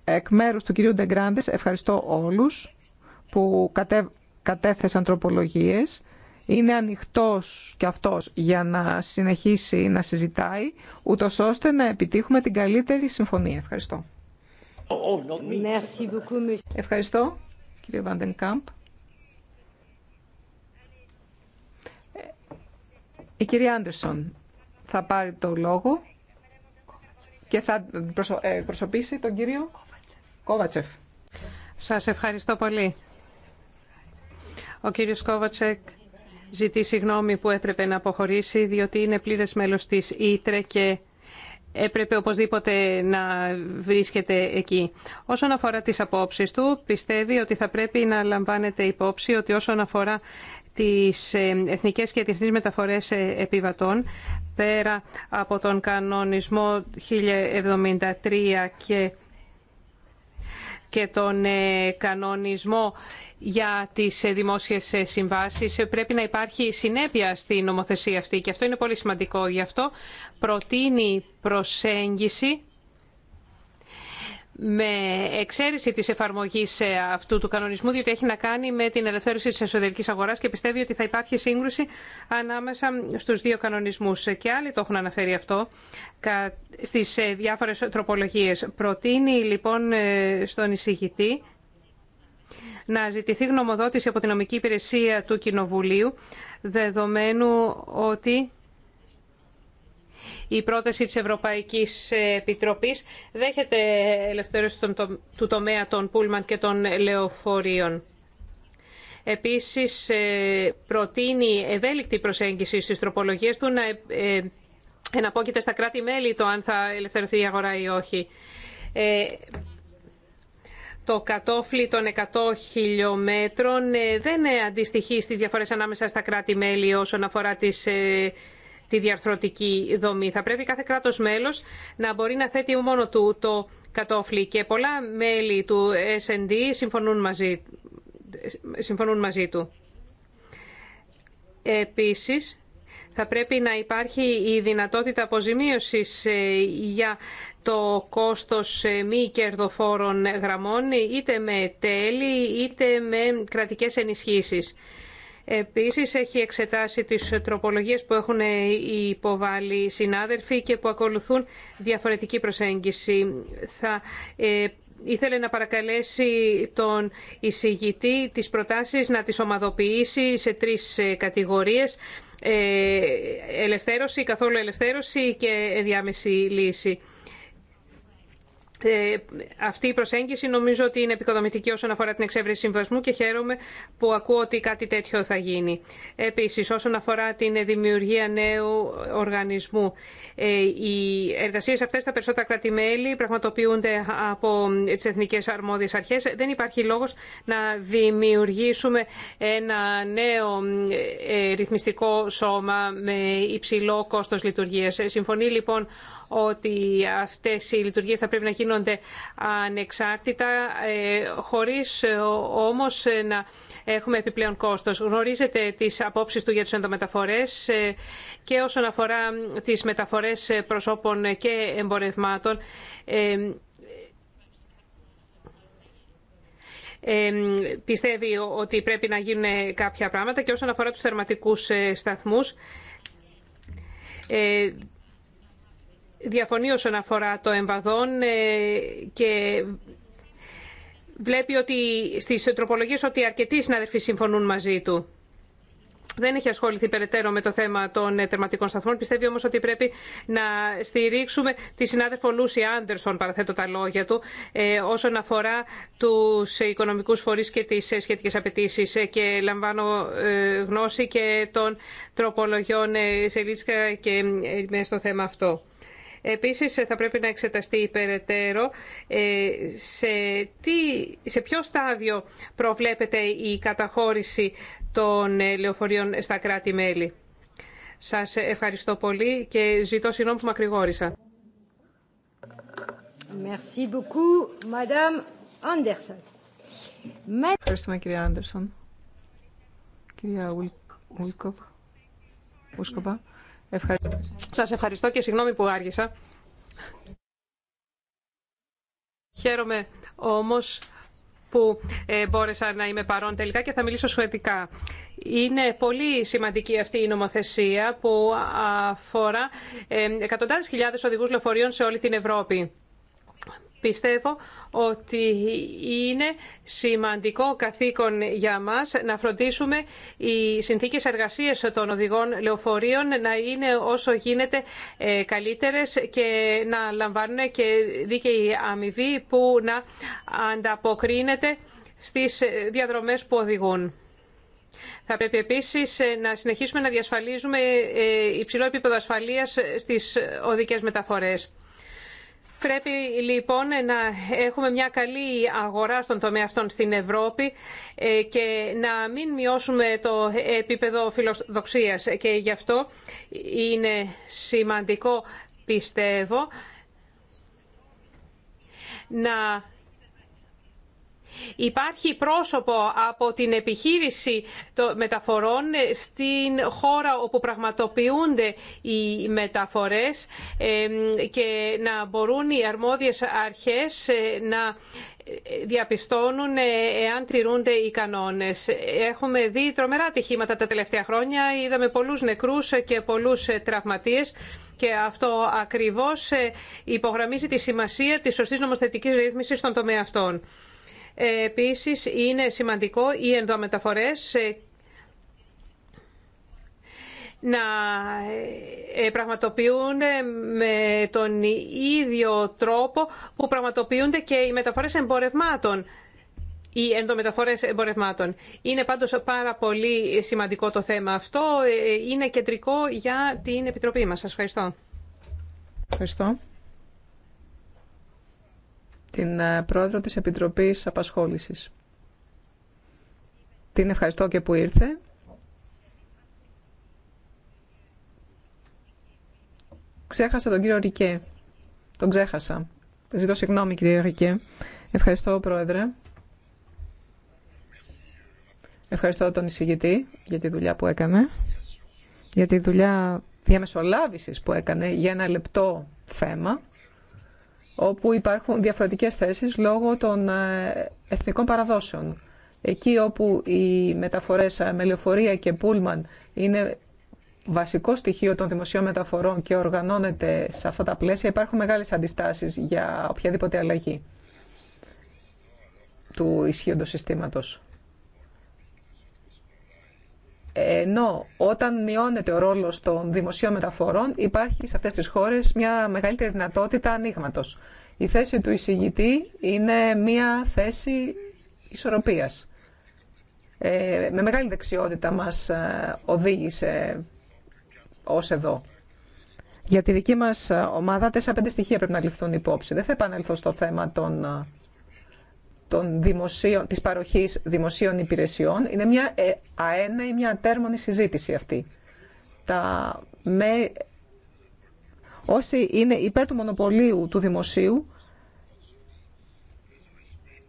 Εκ μέρου του κυρίου Ντεγκράντε ευχαριστώ όλου που κατέθεσαν τροπολογίε. Είναι ανοιχτό και αυτό για να συνεχίσει να συζητάει, ούτω ώστε να επιτύχουμε την καλύτερη συμφωνία. Ευχαριστώ. Ευχαριστώ, κύριε Βαντενκάμπ. Η κυρία Άντερσον θα πάρει το λόγο και θα ε, προσωπήσει τον κύριο Κόβατσεφ. Σας ευχαριστώ πολύ. Ο κύριος Κόβατσεκ ζητεί συγγνώμη που έπρεπε να αποχωρήσει διότι είναι πλήρες μέλος της Ήτρε και έπρεπε οπωσδήποτε να βρίσκεται εκεί. Όσον αφορά τις απόψεις του, πιστεύει ότι θα πρέπει να λαμβάνεται υπόψη ότι όσον αφορά τις ε, εθνικές και διεθνείς μεταφορές ε, επιβατών, πέρα από τον κανονισμό 1073 και και τον ε, κανονισμό για τις ε, δημόσιες ε, συμβάσεις. Πρέπει να υπάρχει συνέπεια στη νομοθεσία αυτή και αυτό είναι πολύ σημαντικό. Γι' αυτό προτείνει προσέγγιση με εξαίρεση της εφαρμογής ε, αυτού του κανονισμού, διότι έχει να κάνει με την ελευθέρωση τη εσωτερική αγοράς και πιστεύει ότι θα υπάρχει σύγκρουση ανάμεσα στους δύο κανονισμούς. Και άλλοι το έχουν αναφέρει αυτό στις ε, διάφορες τροπολογίες. Προτείνει λοιπόν ε, στον εισηγητή να ζητηθεί γνωμοδότηση από την νομική υπηρεσία του Κοινοβουλίου, δεδομένου ότι η πρόταση της Ευρωπαϊκής Επιτροπής δέχεται ελευθέρωση του τομέα των πούλμαν και των λεωφορείων. Επίσης, ε, προτείνει ευέλικτη προσέγγιση στις τροπολογίες του να ε, ε, εναπόκειται στα κράτη-μέλη το αν θα ελευθερωθεί η αγορά ή όχι. Το κατόφλι των 100 χιλιόμετρων δεν αντιστοιχεί στις διαφορές ανάμεσα στα κράτη-μέλη όσον αφορά τις τη διαρθρωτική δομή. Θα πρέπει κάθε κράτος μέλος να μπορεί να θέτει μόνο του το κατόφλι και πολλά μέλη του S&D συμφωνούν μαζί, συμφωνούν μαζί του. Επίσης, θα πρέπει να υπάρχει η δυνατότητα αποζημίωσης ε, για το κόστος ε, μη κερδοφόρων γραμμών είτε με τέλη είτε με κρατικές ενισχύσεις. Επίσης έχει εξετάσει τις τροπολογίες που έχουν υποβάλει οι συνάδελφοι και που ακολουθούν διαφορετική προσέγγιση. Θα ε, ήθελε να παρακαλέσει τον εισηγητή τις προτάσεις να τις ομαδοποιήσει σε τρεις ε, κατηγορίες. Ε, ελευθέρωση, καθόλου ελευθέρωση και διάμεση λύση. Ε, αυτή η προσέγγιση νομίζω ότι είναι επικοδομητική όσον αφορά την εξέβριση συμβασμού και χαίρομαι που ακούω ότι κάτι τέτοιο θα γίνει. Επίσης, όσον αφορά την δημιουργία νέου οργανισμού, ε, οι εργασίες αυτές στα περισσότερα κράτη-μέλη πραγματοποιούνται από τις εθνικές αρμόδιες αρχές. Δεν υπάρχει λόγος να δημιουργήσουμε ένα νέο ε, ρυθμιστικό σώμα με υψηλό κόστος λειτουργίας. Συμφωνεί λοιπόν ότι αυτές οι λειτουργίες θα πρέπει να γίνονται ανεξάρτητα, ε, χωρίς ε, όμως ε, να έχουμε επιπλέον κόστος. Γνωρίζετε τις απόψεις του για τις ενδομεταφορές και όσον αφορά τις μεταφορές προσώπων και εμπορευμάτων. Πιστεύει ότι πρέπει να γίνουν κάποια πράγματα και όσον αφορά τους θερματικούς σταθμούς διαφωνεί όσον αφορά το εμβαδόν ε, και βλέπει ότι στις τροπολογίες ότι αρκετοί συνάδελφοι συμφωνούν μαζί του. Δεν έχει ασχοληθεί περαιτέρω με το θέμα των ε, τερματικών σταθμών. Πιστεύει όμω ότι πρέπει να στηρίξουμε τη συνάδελφο Λούση Άντερσον, παραθέτω τα λόγια του, ε, όσον αφορά του οικονομικού φορεί και τι σχετικέ απαιτήσει. Και λαμβάνω γνώση και των τροπολογιών Σελίτσκα και στο θέμα αυτό. Επίσης θα πρέπει να εξεταστεί υπεραιτέρω ε, σε, τι, σε ποιο στάδιο προβλέπεται η καταχώρηση των ε, λεωφορείων στα κράτη-μέλη. Σας ευχαριστώ πολύ και ζητώ συγγνώμη που μακρηγόρησα. Merci beaucoup, Madame Anderson. Ευχαριστούμε, κύριε Άντερσον. Κυρία Ουλκοπ. Ουσκοπα. Ευχαριστώ. Σας ευχαριστώ και συγγνώμη που άργησα. Χαίρομαι όμως που ε, μπόρεσα να είμαι παρόν τελικά και θα μιλήσω σχετικά. Είναι πολύ σημαντική αυτή η νομοθεσία που αφορά ε, εκατοντάδες χιλιάδες οδηγούς λεωφορείων σε όλη την Ευρώπη. Πιστεύω ότι είναι σημαντικό καθήκον για μας να φροντίσουμε οι συνθήκες εργασίας των οδηγών λεωφορείων να είναι όσο γίνεται ε, καλύτερες και να λαμβάνουν και δίκαιη αμοιβή που να ανταποκρίνεται στις διαδρομές που οδηγούν. Θα πρέπει επίσης ε, να συνεχίσουμε να διασφαλίζουμε ε, υψηλό επίπεδο ασφαλείας στις οδικές μεταφορές. Πρέπει λοιπόν να έχουμε μια καλή αγορά στον τομέα αυτών στην Ευρώπη ε, και να μην μειώσουμε το επίπεδο φιλοδοξίας. Και γι' αυτό είναι σημαντικό, πιστεύω, να Υπάρχει πρόσωπο από την επιχείρηση των μεταφορών στην χώρα όπου πραγματοποιούνται οι μεταφορές και να μπορούν οι αρμόδιες αρχές ε, να ε, διαπιστώνουν ε, εάν τηρούνται οι κανόνες. Έχουμε δει τρομερά ατυχήματα τα τελευταία χρόνια. Είδαμε πολλούς νεκρούς και πολλούς τραυματίες και αυτό ακριβώς υπογραμμίζει τη σημασία της σωστής νομοθετικής ρύθμισης στον τομέα αυτών. Επίσης, είναι σημαντικό οι ενδομεταφορές ε, να ε, πραγματοποιούνται ε, με τον ίδιο τρόπο που πραγματοποιούνται και οι μεταφορές εμπορευμάτων οι ενδομεταφορές εμπορευμάτων. Είναι πάντως πάρα πολύ σημαντικό το θέμα αυτό. Είναι κεντρικό για την Επιτροπή μας. Σας ευχαριστώ. Ευχαριστώ την ε, πρόεδρο της Επιτροπής Απασχόλησης. Την ευχαριστώ και που ήρθε. Ξέχασα τον κύριο Ρικέ. Τον ξέχασα. Ζητώ συγγνώμη κύριε Ρικέ. Ευχαριστώ πρόεδρε. Ευχαριστώ τον εισηγητή για τη δουλειά που έκανε. Για τη δουλειά διαμεσολάβησης που έκανε για ένα λεπτό θέμα όπου υπάρχουν διαφορετικές θέσεις λόγω των ε, εθνικών παραδόσεων. Εκεί όπου οι μεταφορές ε, με λεωφορεία και πούλμαν είναι βασικό στοιχείο των δημοσίων μεταφορών και οργανώνεται σε αυτά τα πλαίσια, υπάρχουν μεγάλες αντιστάσεις για οποιαδήποτε αλλαγή του ισχύοντος συστήματος. Ενώ όταν μειώνεται ο ρόλος των δημοσίων μεταφορών υπάρχει σε αυτές τις χώρες μια μεγαλύτερη δυνατότητα ανοίγματο. Η θέση του εισηγητή είναι μια θέση ισορροπίας. Ε, με μεγάλη δεξιότητα μας ε, οδήγησε ως εδώ. Για τη δική μας ε, ομάδα, τέσσερα-πέντε στοιχεία πρέπει να ληφθούν υπόψη. Δεν θα επανέλθω στο θέμα των ε, των δημοσίων, της παροχής δημοσίων υπηρεσιών είναι μια ε, αένα ή μια τέρμονη συζήτηση αυτή. Τα, με, όσοι είναι υπέρ του μονοπωλίου του δημοσίου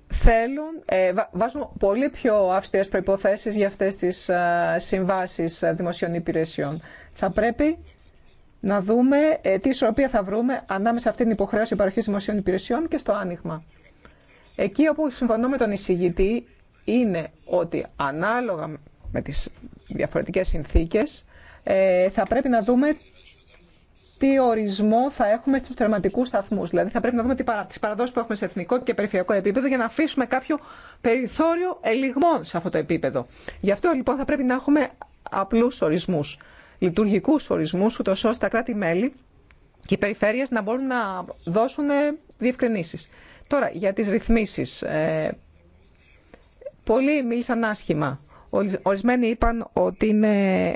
θέλουν, ε, βάζουν πολύ πιο αυστηρές προϋποθέσεις για αυτές τις ε, συμβάσεις ε, δημοσίων υπηρεσιών. Θα πρέπει να δούμε ε, τι ισορροπία θα βρούμε ανάμεσα αυτήν την υποχρέωση παροχής δημοσίων υπηρεσιών και στο άνοιγμα. Εκεί όπου συμφωνώ με τον εισηγητή είναι ότι ανάλογα με τις διαφορετικές συνθήκες ε, θα πρέπει να δούμε τι ορισμό θα έχουμε στους τερματικούς σταθμούς. Δηλαδή θα πρέπει να δούμε τις παραδόσεις που έχουμε σε εθνικό και περιφερειακό επίπεδο για να αφήσουμε κάποιο περιθώριο ελιγμών σε αυτό το επίπεδο. Γι' αυτό λοιπόν θα πρέπει να έχουμε απλούς ορισμούς, λειτουργικούς ορισμούς, ούτως ώστε τα κράτη-μέλη και οι περιφέρειες να μπορούν να δώσουν ε, διευκρινήσεις. Τώρα, για τις ρυθμίσεις. Ε, πολλοί μίλησαν άσχημα. Ορισμένοι είπαν ότι είναι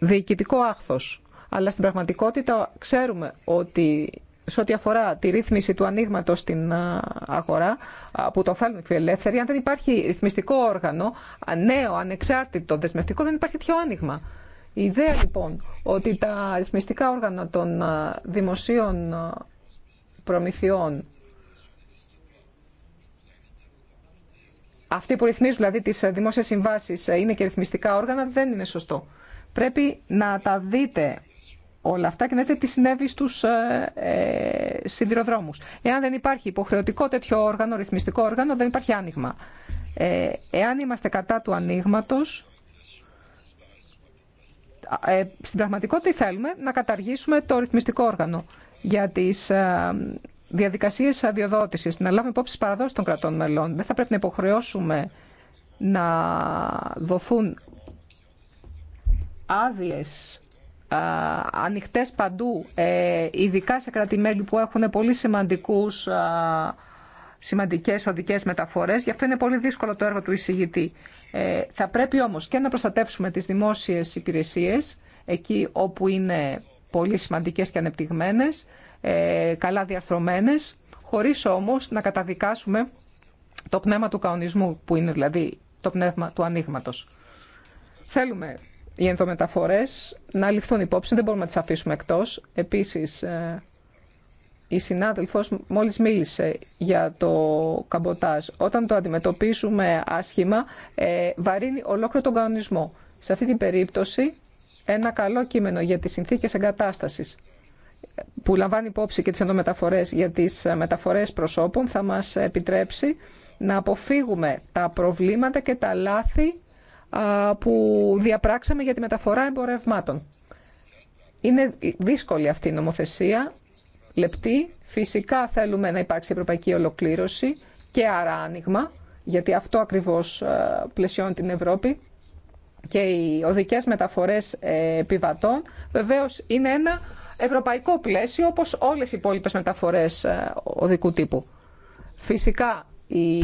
διοικητικό άχθος. Αλλά στην πραγματικότητα ξέρουμε ότι σε ό,τι αφορά τη ρύθμιση του ανοίγματο στην αγορά, που το θέλουν οι αν δεν υπάρχει ρυθμιστικό όργανο, νέο, ανεξάρτητο, δεσμευτικό, δεν υπάρχει πιο άνοιγμα. Η ιδέα λοιπόν ότι τα ρυθμιστικά όργανα των δημοσίων προμηθειών αυτοί που ρυθμίζουν δηλαδή τις ε, δημόσιες συμβάσει ε, είναι και ρυθμιστικά όργανα, δεν είναι σωστό. Πρέπει να τα δείτε όλα αυτά και να δείτε τι συνέβη στου ε, ε Εάν δεν υπάρχει υποχρεωτικό τέτοιο όργανο, ρυθμιστικό όργανο, δεν υπάρχει άνοιγμα. Ε, εάν είμαστε κατά του ανοίγματο, στην πραγματικότητα θέλουμε να καταργήσουμε το ρυθμιστικό όργανο για τις διαδικασίε αδειοδότηση, να λάβουμε υπόψη τι παραδόσει των κρατών μελών. Δεν θα πρέπει να υποχρεώσουμε να δοθούν άδειε ανοιχτέ παντού, ε, ειδικά σε κρατημέλη που έχουν πολύ σημαντικού σημαντικές οδικές μεταφορές. Γι' αυτό είναι πολύ δύσκολο το έργο του εισηγητή. Ε, θα πρέπει όμως και να προστατεύσουμε τις δημόσιες υπηρεσίες, εκεί όπου είναι πολύ σημαντικές και ανεπτυγμένες, ε, καλά διαρθρωμένες, χωρίς όμως να καταδικάσουμε το πνεύμα του καονισμού, που είναι δηλαδή το πνεύμα του ανοίγματο. Θέλουμε οι ενδομεταφορές να ληφθούν υπόψη, δεν μπορούμε να τις αφήσουμε εκτός. Επίσης, ε, η συνάδελφος μόλις μίλησε για το καμποτάζ. Όταν το αντιμετωπίσουμε άσχημα, ε, βαρύνει ολόκληρο τον κανονισμό. Σε αυτή την περίπτωση, ένα καλό κείμενο για τις συνθήκες εγκατάστασης που λαμβάνει υπόψη και τις ενδομεταφορές για τις ε, μεταφορές προσώπων θα μας επιτρέψει να αποφύγουμε τα προβλήματα και τα λάθη που διαπράξαμε για τη μεταφορά εμπορευμάτων. Είναι δύσκολη αυτή η νομοθεσία, λεπτή. Φυσικά θέλουμε να υπάρξει ευρωπαϊκή ολοκλήρωση και άρα άνοιγμα, γιατί αυτό ακριβώς ε, πλαισιώνει την Ευρώπη και οι οδικές μεταφορές ε, επιβατών βεβαίως είναι ένα ευρωπαϊκό πλαίσιο όπως όλες οι υπόλοιπε μεταφορές ε, οδικού τύπου. Φυσικά η...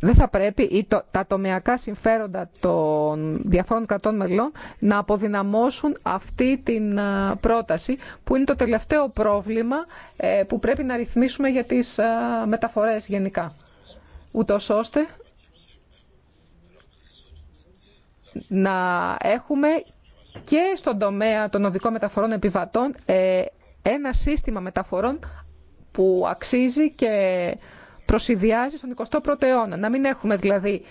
δεν θα πρέπει ή τα τομεακά συμφέροντα των διαφόρων κρατών μελών να αποδυναμώσουν αυτή την ε, πρόταση που είναι το τελευταίο πρόβλημα ε, που πρέπει να ρυθμίσουμε για τις μεταφορές γενικά. Ούτως ώστε να έχουμε και στον τομέα των οδικών μεταφορών επιβατών ε, ένα σύστημα μεταφορών που αξίζει και προσυδειάζει στον 21ο αιώνα. Να μην έχουμε δηλαδή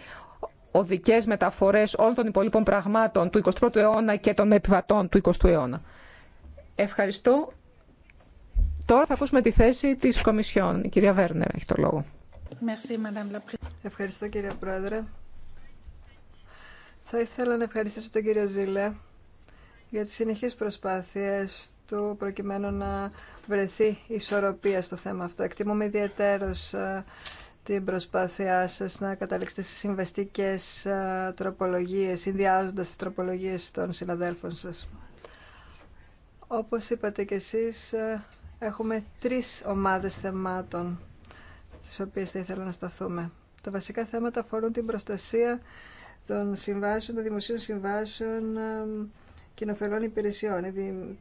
οδικές μεταφορές όλων των υπολείπων πραγμάτων του 21ου αιώνα και των επιβατών του 20ου αιώνα. Ευχαριστώ. Τώρα θα ακούσουμε τη θέση της Κομισιόν. Η κυρία Βέρνερ έχει το λόγο. Ευχαριστώ κύριε Πρόεδρε. Θα ήθελα να ευχαριστήσω τον κύριο Ζήλε για τις συνεχείς προσπάθειες του προκειμένου να βρεθεί ισορροπία στο θέμα αυτό. Εκτιμούμε ιδιαίτερως ε, την προσπάθειά σας να καταλήξετε στις συμβαστικές ε, τροπολογίες, συνδυάζοντα τις τροπολογίες των συναδέλφων σας. Όπως είπατε κι εσείς, ε, έχουμε τρεις ομάδες θεμάτων στις οποίες θα ήθελα να σταθούμε. Τα βασικά θέματα αφορούν την προστασία των συμβάσεων, των δημοσίων συμβάσεων, κοινοφελών υπηρεσιών ή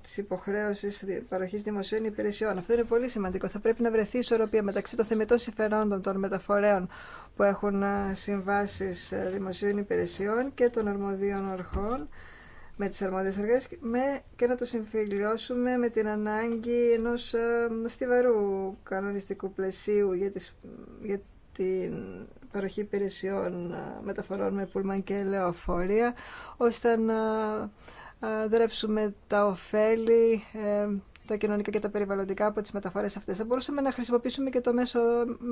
τη υποχρέωση παροχή δημοσίων υπηρεσιών. Αυτό είναι πολύ σημαντικό. Θα πρέπει να βρεθεί ισορροπία μεταξύ των θεμετών συμφερόντων των μεταφορέων που έχουν ε, συμβάσει ε, δημοσίων υπηρεσιών και των αρμοδίων αρχών με τις αρμόδιες εργασίες και να το συμφιλιώσουμε με την ανάγκη ενός ε, στιβαρού κανονιστικού πλαισίου για, την παροχή υπηρεσιών μεταφορών με πουλμαν και λεωφορεία, ώστε να δρέψουμε τα ωφέλη, ε, τα κοινωνικά και τα περιβαλλοντικά από τις μεταφορές αυτές. Θα μπορούσαμε να χρησιμοποιήσουμε και το μέσο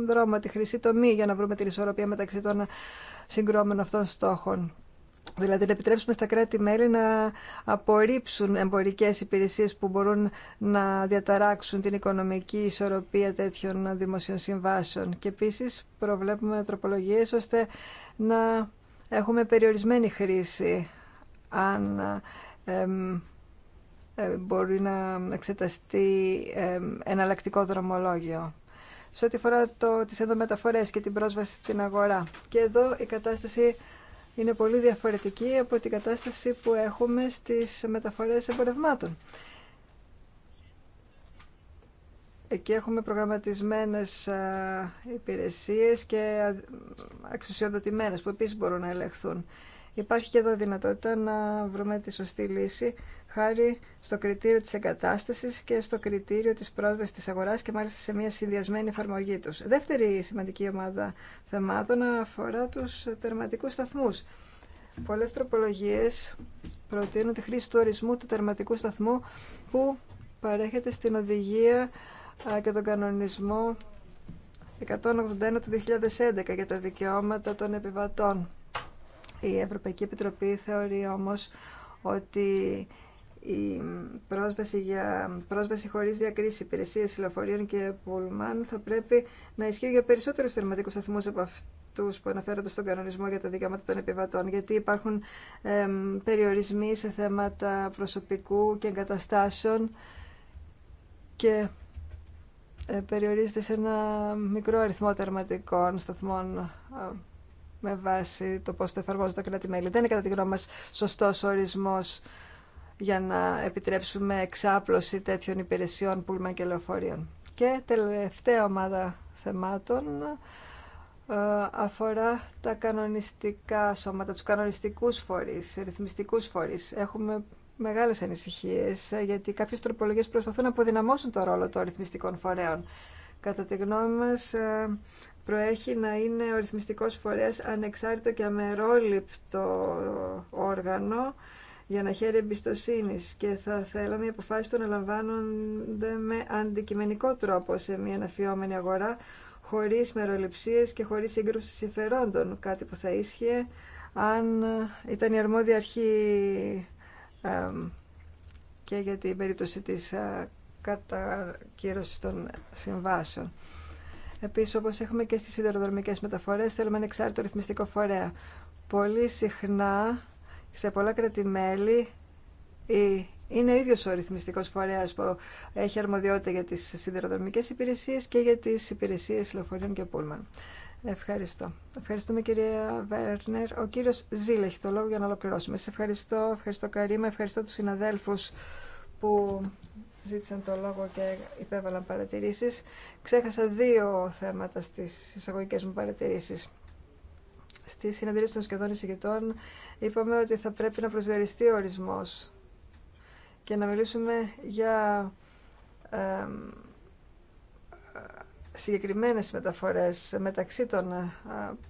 δρόμο, τη χρυσή τομή, για να βρούμε την ισορροπία μεταξύ των ε, συγκρόμενων αυτών στόχων. Δηλαδή να επιτρέψουμε στα κράτη-μέλη να απορρίψουν εμπορικέ υπηρεσίε που μπορούν να διαταράξουν την οικονομική ισορροπία τέτοιων δημοσίων συμβάσεων. Και επίση προβλέπουμε τροπολογίε, ώστε να έχουμε περιορισμένη χρήση αν ε, μπορεί να εξεταστεί εναλλακτικό δρομολόγιο. Σε ό,τι αφορά το, τις ενδομεταφορές και την πρόσβαση στην αγορά. Και εδώ η κατάσταση είναι πολύ διαφορετική από την κατάσταση που έχουμε στις μεταφορές εμπορευμάτων. Εκεί έχουμε προγραμματισμένες υπηρεσίες και αξιοσιοδοτημένες που επίσης μπορούν να ελεγχθούν. Υπάρχει και εδώ δυνατότητα να βρούμε τη σωστή λύση χάρη στο κριτήριο της εγκατάστασης και στο κριτήριο της πρόσβασης της αγοράς και μάλιστα σε μια συνδυασμένη εφαρμογή τους. Δεύτερη σημαντική ομάδα θεμάτων αφορά τους τερματικούς σταθμούς. Πολλές τροπολογίες προτείνουν τη χρήση του ορισμού του τερματικού σταθμού που παρέχεται στην οδηγία και τον κανονισμό 181 του 2011 για τα δικαιώματα των επιβατών η Ευρωπαϊκή Επιτροπή θεωρεί όμως ότι η πρόσβαση για πρόσβαση χωρίς διακρίση υπηρεσίες συλλοφορίων και πουλμάν θα πρέπει να ισχύει για περισσότερους θερματικούς σταθμού από αυτού που αναφέρονται στον κανονισμό για τα δικαιώματα των επιβατών, γιατί υπάρχουν εμ, περιορισμοί σε θέματα προσωπικού και εγκαταστάσεων και ε, περιορίζεται σε ένα μικρό αριθμό τερματικών σταθμών ε, με βάση το πώς το εφαρμόζουν τα κράτη-μέλη. Δεν είναι κατά τη γνώμη μας σωστός ορισμός για να επιτρέψουμε εξάπλωση τέτοιων υπηρεσιών πουλμαν και λεωφορείων. Και τελευταία ομάδα θεμάτων ε, αφορά τα κανονιστικά σώματα, τους κανονιστικούς φορείς, ρυθμιστικούς φορείς. Έχουμε μεγάλες ανησυχίες ε, γιατί κάποιες τροπολογίες προσπαθούν να αποδυναμώσουν το ρόλο των ρυθμιστικών φορέων. Κατά τη γνώμη μας ε, προέχει να είναι ο ρυθμιστικός φορέας ανεξάρτητο και αμερόληπτο όργανο για να χαίρει εμπιστοσύνη και θα θέλαμε οι αποφάσει του να λαμβάνονται με αντικειμενικό τρόπο σε μια αναφιόμενη αγορά, χωρί μεροληψίε και χωρί σύγκρουση συμφερόντων. Κάτι που θα ίσχυε αν ήταν η αρμόδια αρχή και για την περίπτωση της ε, των συμβάσεων. Επίση όπω έχουμε και στις σιδεροδρομικέ μεταφορέ, θέλουμε ένα εξάρτητο ρυθμιστικό φορέα. Πολύ συχνά, σε πολλά κρατημέλη, είναι ίδιος ο ρυθμιστικός φορέας που έχει αρμοδιότητα για τις σιδηροδρομικές υπηρεσίες και για τις υπηρεσίες λεωφορείων και πούλμαν. Ευχαριστώ. Ευχαριστούμε κυρία Βέρνερ. Ο κύριος Ζήλ έχει το λόγο για να ολοκληρώσουμε. Σε ευχαριστώ, ευχαριστώ Καρίμα, ευχαριστώ τους συναδέλφου που ζήτησαν το λόγο και υπέβαλαν παρατηρήσεις. Ξέχασα δύο θέματα στις εισαγωγικέ μου παρατηρήσεις. Στη συναντήρηση των σχεδόν εισηγητών είπαμε ότι θα πρέπει να προσδιοριστεί ο ορισμός και να μιλήσουμε για ε, συγκεκριμένες μεταφορές μεταξύ των ε,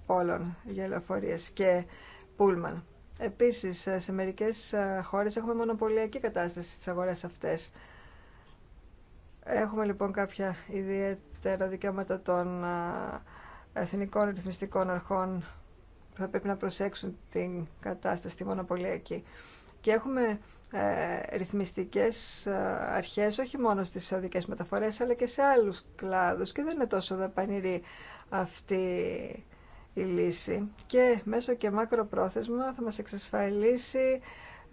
πόλων για και πούλμαν. Επίσης, σε μερικές ε, χώρες έχουμε μονοπωλιακή κατάσταση στις αγορές αυτές. Έχουμε λοιπόν κάποια ιδιαίτερα δικαιώματα των εθνικών ρυθμιστικών αρχών που θα πρέπει να προσέξουν την κατάσταση τη μονοπωλιακή. Και έχουμε ε, ρυθμιστικές αρχές όχι μόνο στις οδικές μεταφορές αλλά και σε άλλους κλάδους και δεν είναι τόσο δαπανηρή αυτή η λύση. Και μέσω και μακροπρόθεσμα θα μας εξασφαλίσει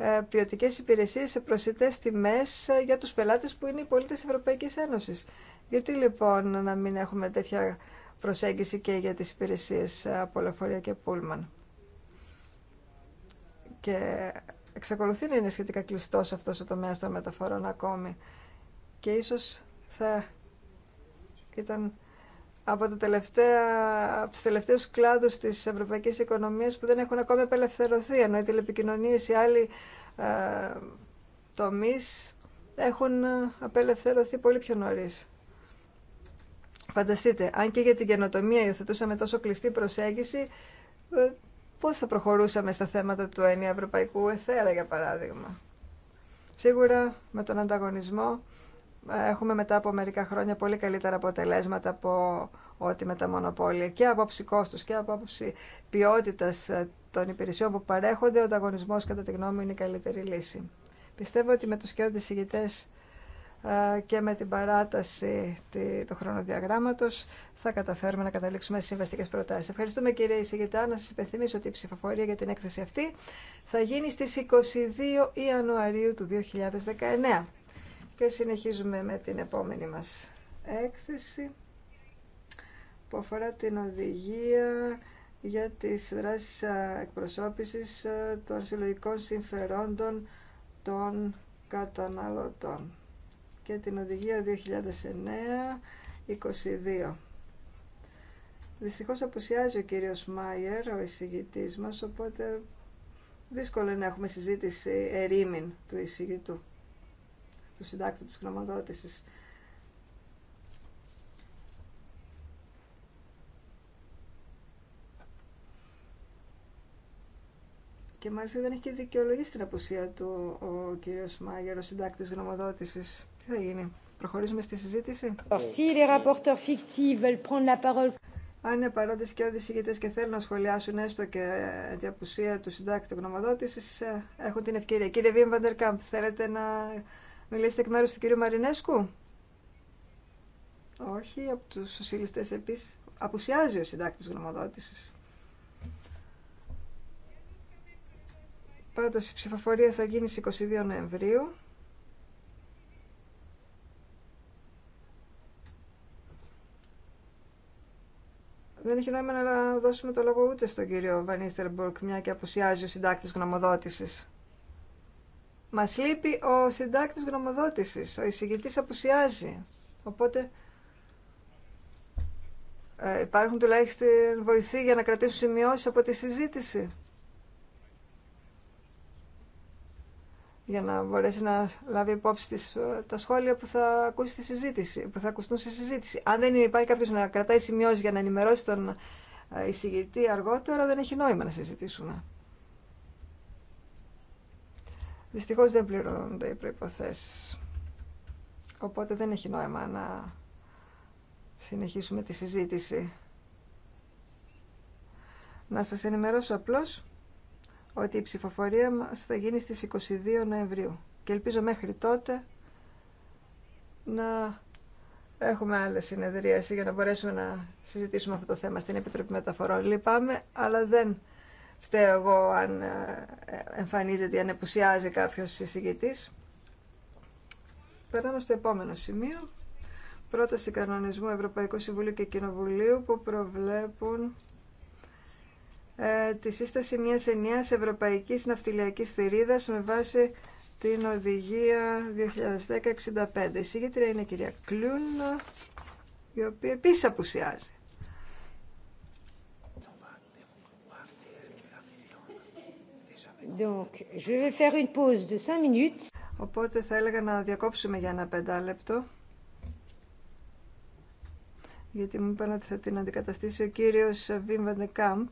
ε, ποιοτικέ υπηρεσίε σε προσιτέ τιμέ ε, για του πελάτε που είναι οι πολίτε τη Ευρωπαϊκή Ένωση. Γιατί λοιπόν να μην έχουμε τέτοια προσέγγιση και για τις υπηρεσίες ε, από λεωφορεία και πούλμαν. Και εξακολουθεί να είναι σχετικά κλειστός αυτός ο τομέας των μεταφορών ακόμη. Και ίσως θα ήταν από τα τελευταία, από τους τελευταίους κλάδους της ευρωπαϊκής οικονομίας που δεν έχουν ακόμη απελευθερωθεί, ενώ οι τηλεπικοινωνίες ή άλλοι ε, τομείς έχουν ε, απελευθερωθεί πολύ πιο νωρίς. Φανταστείτε, αν και για την καινοτομία υιοθετούσαμε τόσο κλειστή προσέγγιση, ε, πώς θα προχωρούσαμε στα θέματα του Ευρωπαϊκού εθέρα, για παράδειγμα. Σίγουρα με τον ανταγωνισμό έχουμε μετά από μερικά χρόνια πολύ καλύτερα αποτελέσματα από ό,τι με τα μονοπόλια και από άποψη κόστου και από άποψη ποιότητα ε, των υπηρεσιών που παρέχονται, ο ανταγωνισμό κατά τη γνώμη μου, είναι η καλύτερη λύση. Πιστεύω ότι με του και ηγητέ ε, και με την παράταση του χρονοδιαγράμματο θα καταφέρουμε να καταλήξουμε στι συμβαστικέ προτάσει. Ευχαριστούμε κύριε Ισηγητά. Να σα υπενθυμίσω ότι η ψηφοφορία για την έκθεση αυτή θα γίνει στι 22 Ιανουαρίου του 2019. Και συνεχίζουμε με την επόμενη μας έκθεση που αφορά την οδηγία για τις δράσεις εκπροσώπησης των συλλογικών συμφερόντων των καταναλωτών και την οδηγία 2009-22. Δυστυχώς απουσιάζει ο κύριος Μάιερ, ο εισηγητής μας, οπότε δύσκολο είναι να έχουμε συζήτηση ερήμην του εισηγητού του συντάκτου της γνωμοδότησης. Και μάλιστα δεν έχει και δικαιολογήσει την απουσία του ο κύριος Μάγερ, ο συντάκτης γνωμοδότησης. Τι θα γίνει, προχωρήσουμε στη συζήτηση. Αν είναι παρόντε και και θέλουν να σχολιάσουν έστω και την απουσία του συντάκτη γνωμοδότηση, ε, έχουν την ευκαιρία. Κύριε Βίμ Κάμπ, θέλετε να Μιλήσετε εκ μέρους του κυρίου Μαρινέσκου. Όχι, από τους σοσιαλιστές επίσης. Απουσιάζει ο συντάκτης γνωμοδότησης. Πάντως η ψηφοφορία θα γίνει στις 22 Νοεμβρίου. Δεν έχει νόημα να δώσουμε το λόγο ούτε στον κύριο Μπορκ, μια και απουσιάζει ο συντάκτης γνωμοδότησης. Μα λείπει ο συντάκτη γνωμοδότηση. ο εισηγητή απουσιάζει. Οπότε ε, υπάρχουν τουλάχιστον βοηθοί για να κρατήσουν σημειώσει από τη συζήτηση. για να μπορέσει να λάβει υπόψη της ε, τα σχόλια που θα, ακούσει στη συζήτηση, που θα ακουστούν στη συζήτηση. Αν δεν υπάρχει κάποιο να κρατάει σημειώσει για να ενημερώσει τον ε, εισηγητή αργότερα, δεν έχει νόημα να συζητήσουμε. Δυστυχώς δεν πληρώνονται οι προϋποθέσεις. Οπότε δεν έχει νόημα να συνεχίσουμε τη συζήτηση. Να σας ενημερώσω απλώς ότι η ψηφοφορία μας θα γίνει στις 22 Νοεμβρίου και ελπίζω μέχρι τότε να έχουμε άλλη συνεδρίαση για να μπορέσουμε να συζητήσουμε αυτό το θέμα στην Επιτροπή Μεταφορών. Λυπάμαι, αλλά δεν Φταίω εγώ αν ε, εμφανίζεται ή αν επουσιάζει κάποιος συζητητής. Περνάμε στο επόμενο σημείο. Πρόταση κανονισμού Ευρωπαϊκού Συμβουλίου και Κοινοβουλίου που προβλέπουν ε, τη σύσταση μιας ενιαίας ευρωπαϊκής ναυτιλιακής θηρίδας με βάση την οδηγία 2010-65. Η συγγήτρια είναι η κυρία Κλούν, η κυρια κλουνα επίσης απουσιάζει. Donc, je vais faire une pause de 5 minutes. Οπότε θα έλεγα να διακόψουμε για ένα πεντάλεπτο. Γιατί μου είπαν ότι θα την αντικαταστήσει ο κύριος Βιμ Καμπ.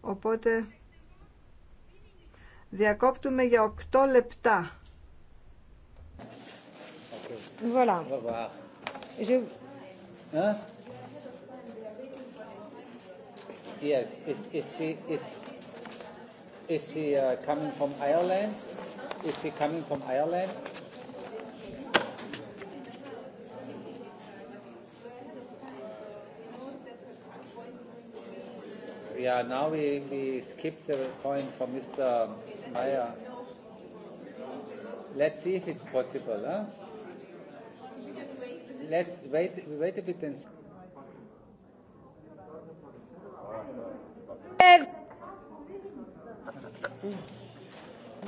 Οπότε διακόπτουμε για 8 λεπτά. Voilà. Je... Hein? Yes, is, is she, is... Is he uh, coming from Ireland? Is he coming from Ireland? Yeah, now we, we skip the point from Mr. Maya. Let's see if it's possible. Huh? Let's wait, wait a bit and Vous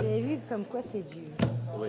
avez vu comme quoi c'est dur. Oui.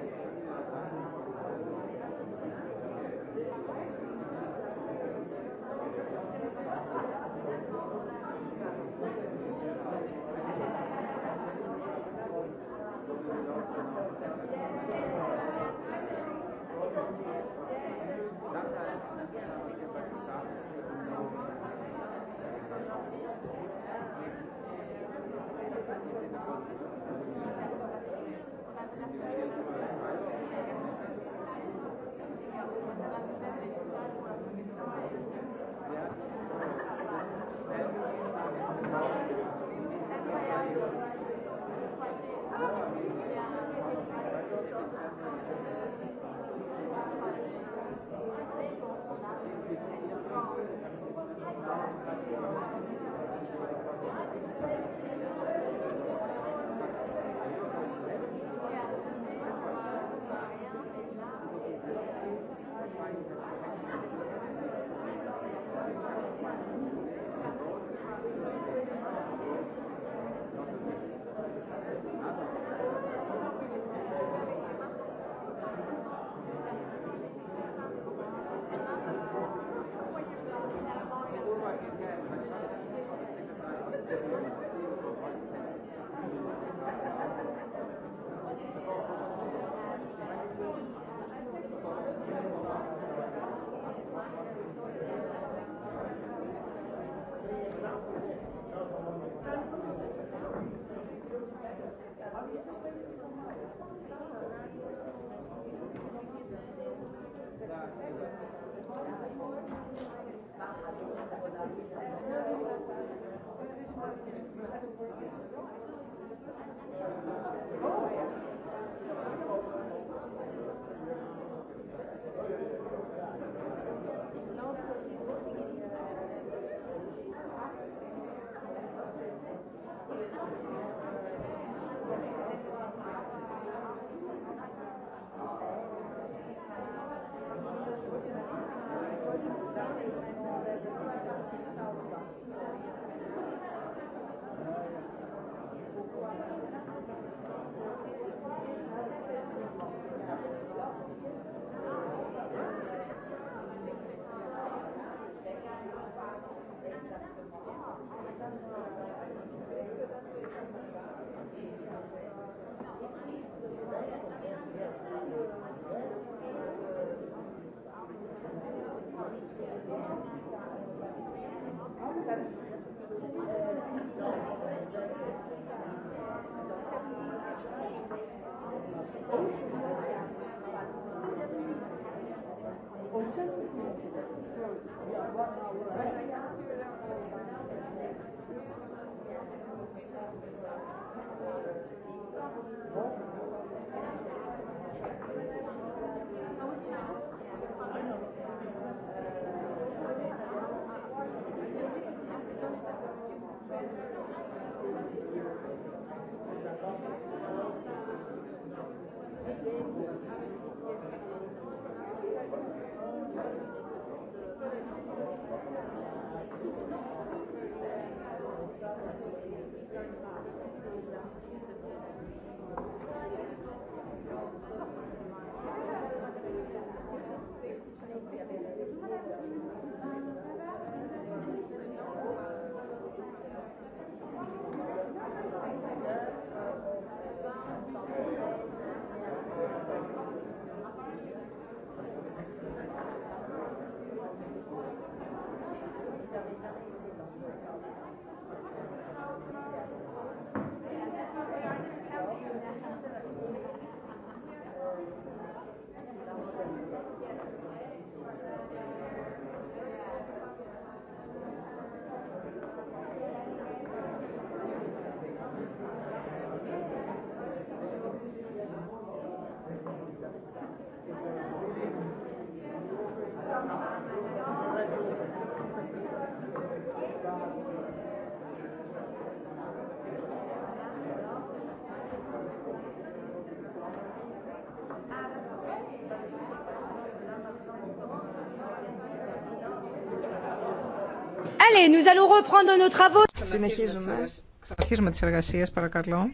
Allez, nous allons Συνεχίζουμε. Ξαναρχίζουμε τις εργασίες, παρακαλώ.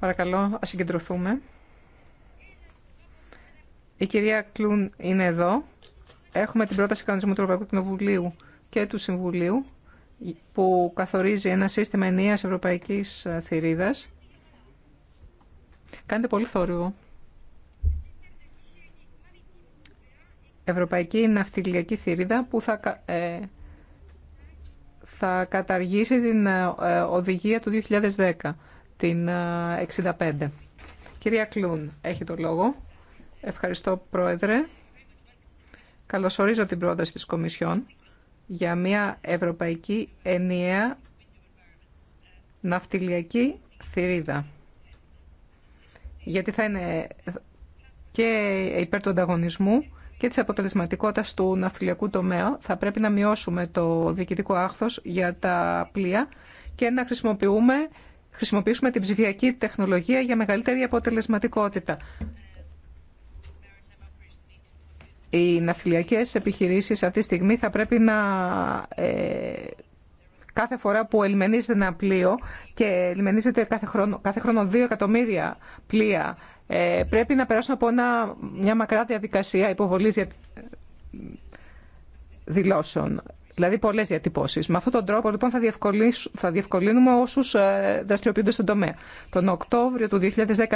Παρακαλώ, ας συγκεντρωθούμε. Η κυρία Κλούν είναι εδώ. Έχουμε την πρόταση κανονισμού του Ευρωπαϊκού Κοινοβουλίου και του Συμβουλίου που καθορίζει ένα σύστημα ενίας ευρωπαϊκής θηρίδας. Κάντε πολύ θόρυβο. Ευρωπαϊκή Ναυτιλιακή Θηρίδα που θα, ε, θα καταργήσει την ε, οδηγία του 2010, την 65. Ε, Κυρία Κλούν, έχει το λόγο. Ευχαριστώ, Πρόεδρε. Καλωσορίζω την πρόταση της Κομισιόν για μια ευρωπαϊκή ενιαία ναυτιλιακή θηρίδα. Γιατί θα είναι και υπέρ του ανταγωνισμού και τη αποτελεσματικότητα του ναυτιλιακού τομέα. Θα πρέπει να μειώσουμε το διοικητικό άχθο για τα πλοία και να χρησιμοποιούμε, χρησιμοποιήσουμε την ψηφιακή τεχνολογία για μεγαλύτερη αποτελεσματικότητα. Οι ναυτιλιακές επιχειρήσεις αυτή τη στιγμή θα πρέπει να... Ε, κάθε φορά που ελμενίζεται ένα πλοίο και ελμενίζεται κάθε χρόνο, κάθε χρόνο δύο εκατομμύρια πλοία ε, πρέπει να περάσουμε από μια μακρά διαδικασία υποβολής δηλώσεων. Δηλαδή πολλές διατυπώσεις. Με αυτόν τον τρόπο λοιπόν θα, θα διευκολύνουμε όσους ε, δραστηριοποιούνται στον τομέα. Τον Οκτώβριο του 2010 ε,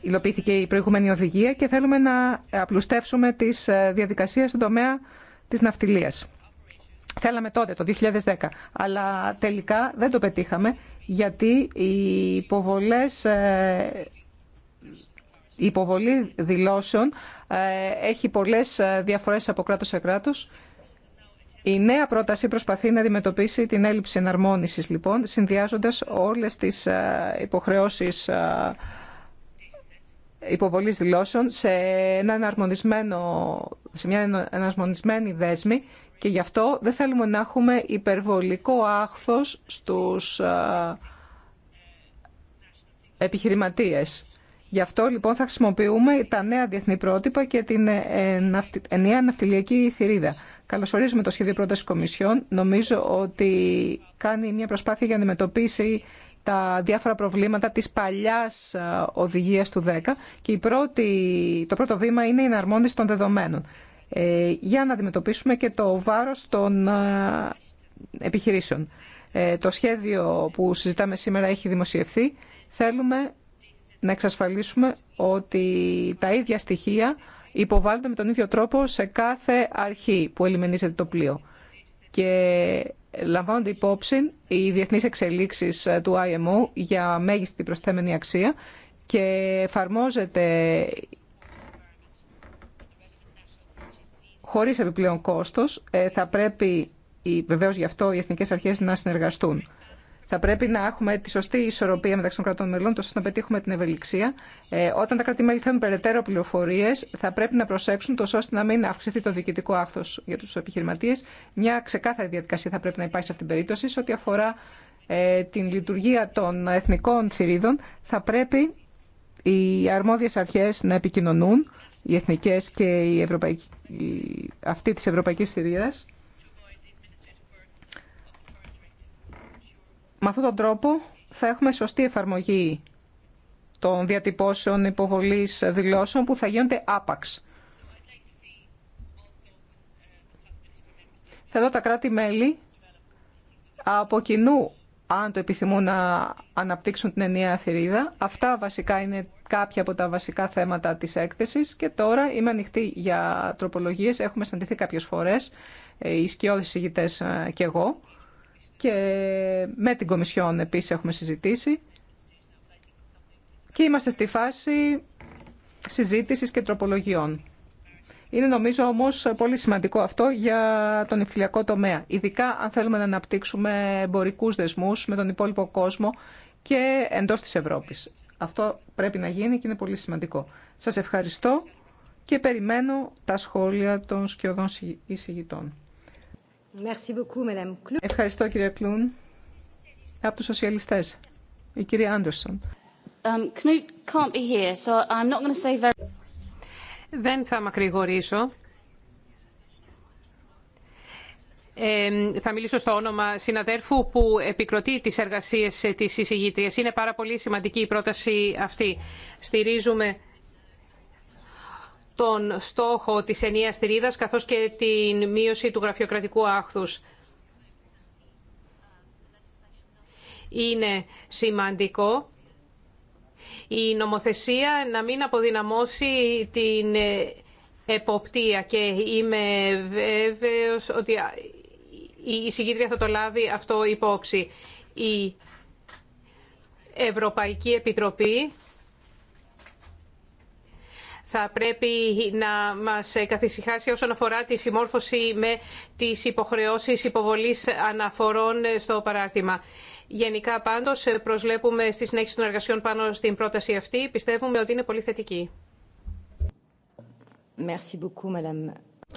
υλοποιήθηκε η προηγούμενη οδηγία και θέλουμε να απλουστεύσουμε τις διαδικασίες στον τομέα της ναυτιλίας. Θέλαμε τότε, το 2010, αλλά τελικά δεν το πετύχαμε γιατί οι ε, η υποβολή δηλώσεων ε, έχει πολλές ε, διαφορές από κράτος σε κράτος. Η νέα πρόταση προσπαθεί να αντιμετωπίσει την έλλειψη εναρμόνισης, λοιπόν, συνδυάζοντας όλες τις υποχρεώσεις υποβολής δηλώσεων σε, ένα σε μια εναρμονισμένη δέσμη και γι' αυτό δεν θέλουμε να έχουμε υπερβολικό άχθος στους επιχειρηματίες. Γι' αυτό λοιπόν θα χρησιμοποιούμε τα νέα διεθνή πρότυπα και την ενιαία ε, ναυτιλιακή θηρίδα. Καλωσορίζουμε το σχέδιο πρόταση Κομισιόν. Νομίζω ότι κάνει μια προσπάθεια για να αντιμετωπίσει τα διάφορα προβλήματα της παλιάς οδηγίας του 10 και η πρώτη, το πρώτο βήμα είναι η εναρμόνιση των δεδομένων. Ε, για να αντιμετωπίσουμε και το βάρος των ε, επιχειρήσεων. Ε, το σχέδιο που συζητάμε σήμερα έχει δημοσιευθεί. Θέλουμε να εξασφαλίσουμε ότι τα ίδια στοιχεία υποβάλλονται με τον ίδιο τρόπο σε κάθε αρχή που ελιμενίζεται το πλοίο. Και λαμβάνονται υπόψη οι διεθνείς εξελίξεις του IMO για μέγιστη προσθέμενη αξία και εφαρμόζεται Χωρί επιπλέον κόστος, ε, θα πρέπει, βεβαίως γι' αυτό, οι εθνικέ αρχές να συνεργαστούν. Θα πρέπει να έχουμε τη σωστή ισορροπία μεταξύ των κρατών μελών, τόσο να πετύχουμε την ευελιξία. Ε, όταν τα κράτη-μέλη θέλουν περαιτέρω πληροφορίε, θα πρέπει να προσέξουν τόσο ώστε να μην αυξηθεί το διοικητικό άχθο για του επιχειρηματίε. Μια ξεκάθαρη διαδικασία θα πρέπει να υπάρχει σε αυτήν την περίπτωση. Σε ό,τι αφορά ε, την λειτουργία των εθνικών θηρίδων, θα πρέπει οι αρμόδιε αρχέ να επικοινωνούν οι εθνικές και οι αυτή της ευρωπαϊκής θηρίδας. Με αυτόν τον τρόπο θα έχουμε σωστή εφαρμογή των διατυπώσεων υποβολής δηλώσεων που θα γίνονται άπαξ. Θέλω τα κράτη-μέλη από κοινού αν το επιθυμούν να αναπτύξουν την ενιαία θηρίδα. Αυτά βασικά είναι κάποια από τα βασικά θέματα της έκθεσης και τώρα είμαι ανοιχτή για τροπολογίες. Έχουμε συναντηθεί κάποιες φορές, ε, οι σκιώδεις συγητές ε, και εγώ και με την Κομισιόν επίσης έχουμε συζητήσει και είμαστε στη φάση συζήτησης και τροπολογιών. Είναι νομίζω όμως πολύ σημαντικό αυτό για τον ευθυλιακό τομέα. Ειδικά αν θέλουμε να αναπτύξουμε εμπορικού δεσμούς με τον υπόλοιπο κόσμο και εντός της Ευρώπης. Αυτό πρέπει να γίνει και είναι πολύ σημαντικό. Σας ευχαριστώ και περιμένω τα σχόλια των σκιωδών εισηγητών. Ευχαριστώ κύριε Κλούν. Από του σοσιαλιστές, η κυρία Άντερσον. Um, Knut can't be here, so I'm not going to say very... Δεν θα μακρηγορήσω. Ε, θα μιλήσω στο όνομα συναδέρφου που επικροτεί τις εργασίες ε, της εισηγήτριας. Είναι πάρα πολύ σημαντική η πρόταση αυτή. Στηρίζουμε τον στόχο της ενίας θηρίδας καθώς και την μείωση του γραφειοκρατικού άχθους. Είναι σημαντικό η νομοθεσία να μην αποδυναμώσει την ε, εποπτεία και είμαι βέβαιος ότι η συγκίτρια θα το λάβει αυτό υπόψη. Η Ευρωπαϊκή Επιτροπή θα πρέπει να μας καθησυχάσει όσον αφορά τη συμμόρφωση με τις υποχρεώσεις υποβολής αναφορών στο παράρτημα. Γενικά πάντως ε, προσλέπουμε στη συνέχιση των εργασιών πάνω στην πρόταση αυτή. Πιστεύουμε ότι είναι πολύ θετική.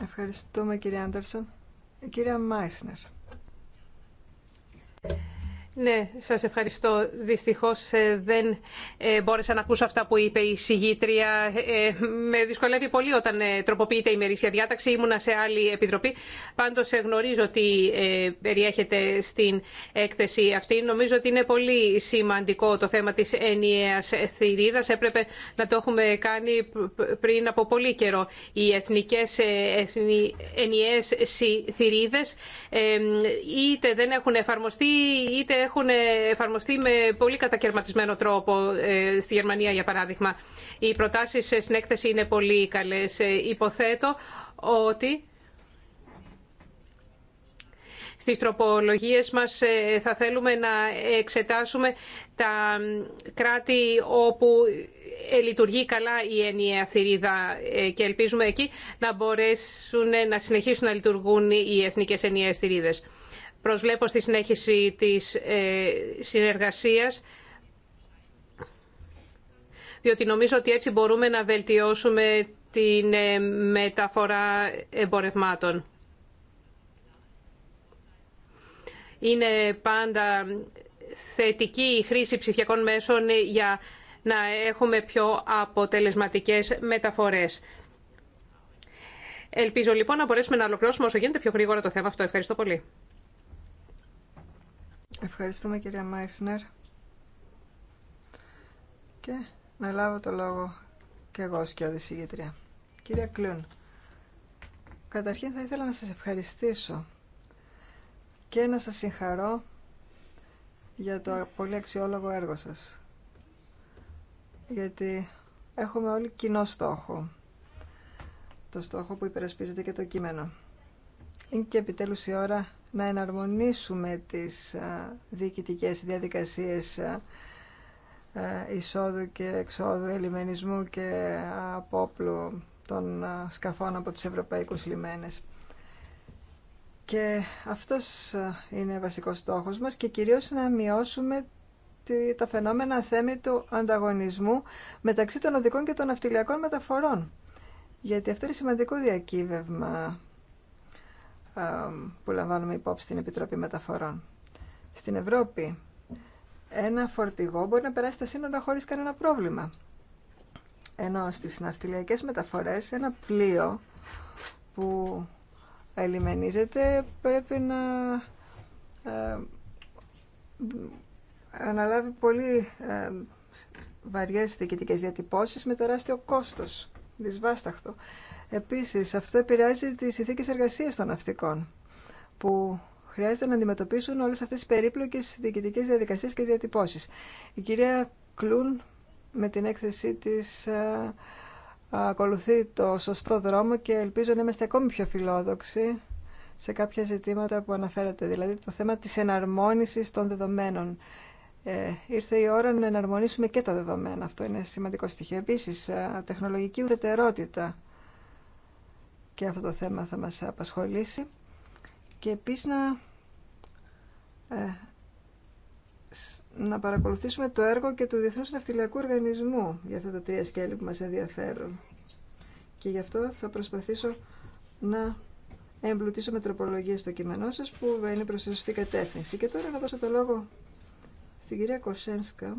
Ευχαριστούμε κύριε Άντερσον. Ε, κυρία Μάισνερ. Ναι, σας ευχαριστώ. Δυστυχώς ε, δεν ε, μπόρεσα να ακούσω αυτά που είπε η συγγήτρια. Ε, με δυσκολεύει πολύ όταν τροποποιείται η ημερήσια διάταξη. Ήμουνα σε άλλη επιτροπή. Πάντως γνωρίζω ότι περιέχεται στην έκθεση αυτή. Νομίζω ότι είναι πολύ σημαντικό το θέμα της ενιαίας θηρίδας. Έπρεπε να το έχουμε κάνει πριν από πολύ καιρό. Οι εθνικές ενιαίες θηρίδες είτε δεν έχουν εφαρμοστεί είτε έχουν εφαρμοστεί με πολύ κατακαιρματισμένο τρόπο ε, στη Γερμανία, για παράδειγμα. Οι προτάσεις στην έκθεση είναι πολύ καλές. Ε, υποθέτω ότι στις τροπολογίες μας ε, θα θέλουμε να εξετάσουμε τα κράτη όπου λειτουργεί καλά η ενιαία θηρίδα και ελπίζουμε εκεί να μπορέσουν να συνεχίσουν να λειτουργούν οι εθνικές ενιαίες θηρίδες. Προσβλέπω στη συνέχιση της ε, συνεργασίας διότι νομίζω ότι έτσι μπορούμε να βελτιώσουμε την ε, μεταφορά εμπορευμάτων. Είναι πάντα θετική η χρήση ψηφιακών μέσων για να έχουμε πιο αποτελεσματικές μεταφορές. Ελπίζω λοιπόν να μπορέσουμε να ολοκληρώσουμε όσο γίνεται πιο γρήγορα το θέμα αυτό. Ευχαριστώ πολύ. Ευχαριστούμε κυρία Μάισνερ. Και να λάβω το λόγο και εγώ ως κοιόδηση Κυρία Κλούν, καταρχήν θα ήθελα να σας ευχαριστήσω και να σας συγχαρώ για το πολύ αξιόλογο έργο σας. Γιατί έχουμε όλοι κοινό στόχο. Το στόχο που υπερασπίζεται και το κείμενο. Είναι και επιτέλους η ώρα να εναρμονίσουμε τις διοικητικές διαδικασίες εισόδου και εξόδου ελιμενισμού και απόπλου των σκαφών από τις ευρωπαϊκούς λιμένες. Και αυτός είναι βασικός στόχος μας και κυρίως να μειώσουμε τα φαινόμενα θέμη του ανταγωνισμού μεταξύ των οδικών και των αυτιλιακών μεταφορών. Γιατί αυτό είναι σημαντικό διακύβευμα που λαμβάνουμε υπόψη στην Επιτροπή Μεταφορών. Στην Ευρώπη ένα φορτηγό μπορεί να περάσει τα σύνορα χωρίς κανένα πρόβλημα. Ενώ στις ναυτιλιακές μεταφορές ένα πλοίο που ελιμενίζεται πρέπει να αναλάβει πολύ ε, βαριές διοικητικές διατυπώσεις με τεράστιο κόστος δυσβάσταχτο. Επίσης, αυτό επηρεάζει τις συνθήκες εργασίας των ναυτικών, που χρειάζεται να αντιμετωπίσουν όλες αυτές τις περίπλοκες διοικητικές διαδικασίες και διατυπώσεις. Η κυρία Κλούν με την έκθεσή της ε, ακολουθεί το σωστό δρόμο και ελπίζω να είμαστε ακόμη πιο φιλόδοξοι σε κάποια ζητήματα που αναφέρατε, δηλαδή το θέμα της εναρμόνισης των δεδομένων ε, ήρθε η ώρα να εναρμονίσουμε και τα δεδομένα. Αυτό είναι σημαντικό στοιχείο. Επίσης, ε, τεχνολογική ουδετερότητα και αυτό το θέμα θα μας απασχολήσει. Και επίσης να, ε, να παρακολουθήσουμε το έργο και του Διεθνούς Ναυτιλιακού Οργανισμού για αυτά τα τρία σκέλη που μας ενδιαφέρουν. Και γι' αυτό θα προσπαθήσω να εμπλουτίσω με τροπολογία στο κείμενό σας που είναι προς σωστή κατεύθυνση. Και τώρα να δώσω το λόγο στην κυρία Κοσένσκα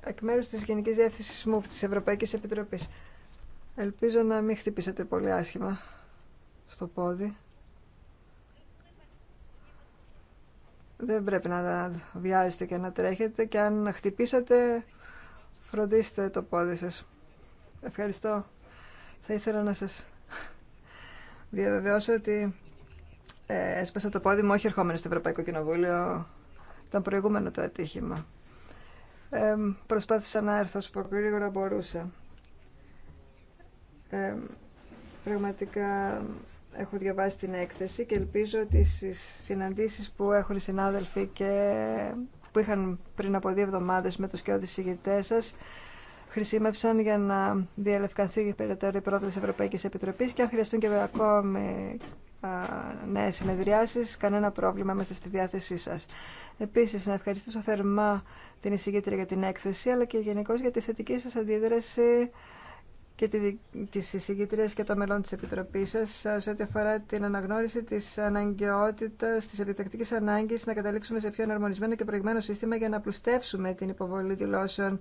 εκ μέρους της Γενικής Διεύθυνσης ΜΟΥΒ της Ευρωπαϊκής Επιτροπής. Ελπίζω να μην χτυπήσετε πολύ άσχημα στο πόδι. Δεν πρέπει να βιάζετε και να τρέχετε και αν χτυπήσατε φροντίστε το πόδι σας. Ευχαριστώ. Θα ήθελα να σας διαβεβαιώσω ότι ε, έσπασα το πόδι μου όχι ερχόμενο στο Ευρωπαϊκό Κοινοβούλιο, ήταν προηγούμενο το ατύχημα. Ε, προσπάθησα να έρθω όσο πιο γρήγορα μπορούσα. Ε, πραγματικά έχω διαβάσει την έκθεση και ελπίζω ότι στις συναντήσεις που έχουν οι συνάδελφοι και που είχαν πριν από δύο εβδομάδες με τους και ηγητές σας χρησιμεύσαν για να διαλευκανθεί περαιτέρω η πρόταση Ευρωπαϊκής Επιτροπής και αν χρειαστούν και ακόμη νέε ναι, συνεδριάσει, κανένα πρόβλημα, είμαστε στη διάθεσή σα. Επίση, να ευχαριστήσω θερμά την εισηγήτρια για την έκθεση, αλλά και γενικώ για τη θετική σα αντίδραση και τη, της και των μελών της Επιτροπής σας σε ό,τι αφορά την αναγνώριση της αναγκαιότητας, της επιτακτικής ανάγκης να καταλήξουμε σε πιο εναρμονισμένο και προηγμένο σύστημα για να πλουστεύσουμε την υποβολή δηλώσεων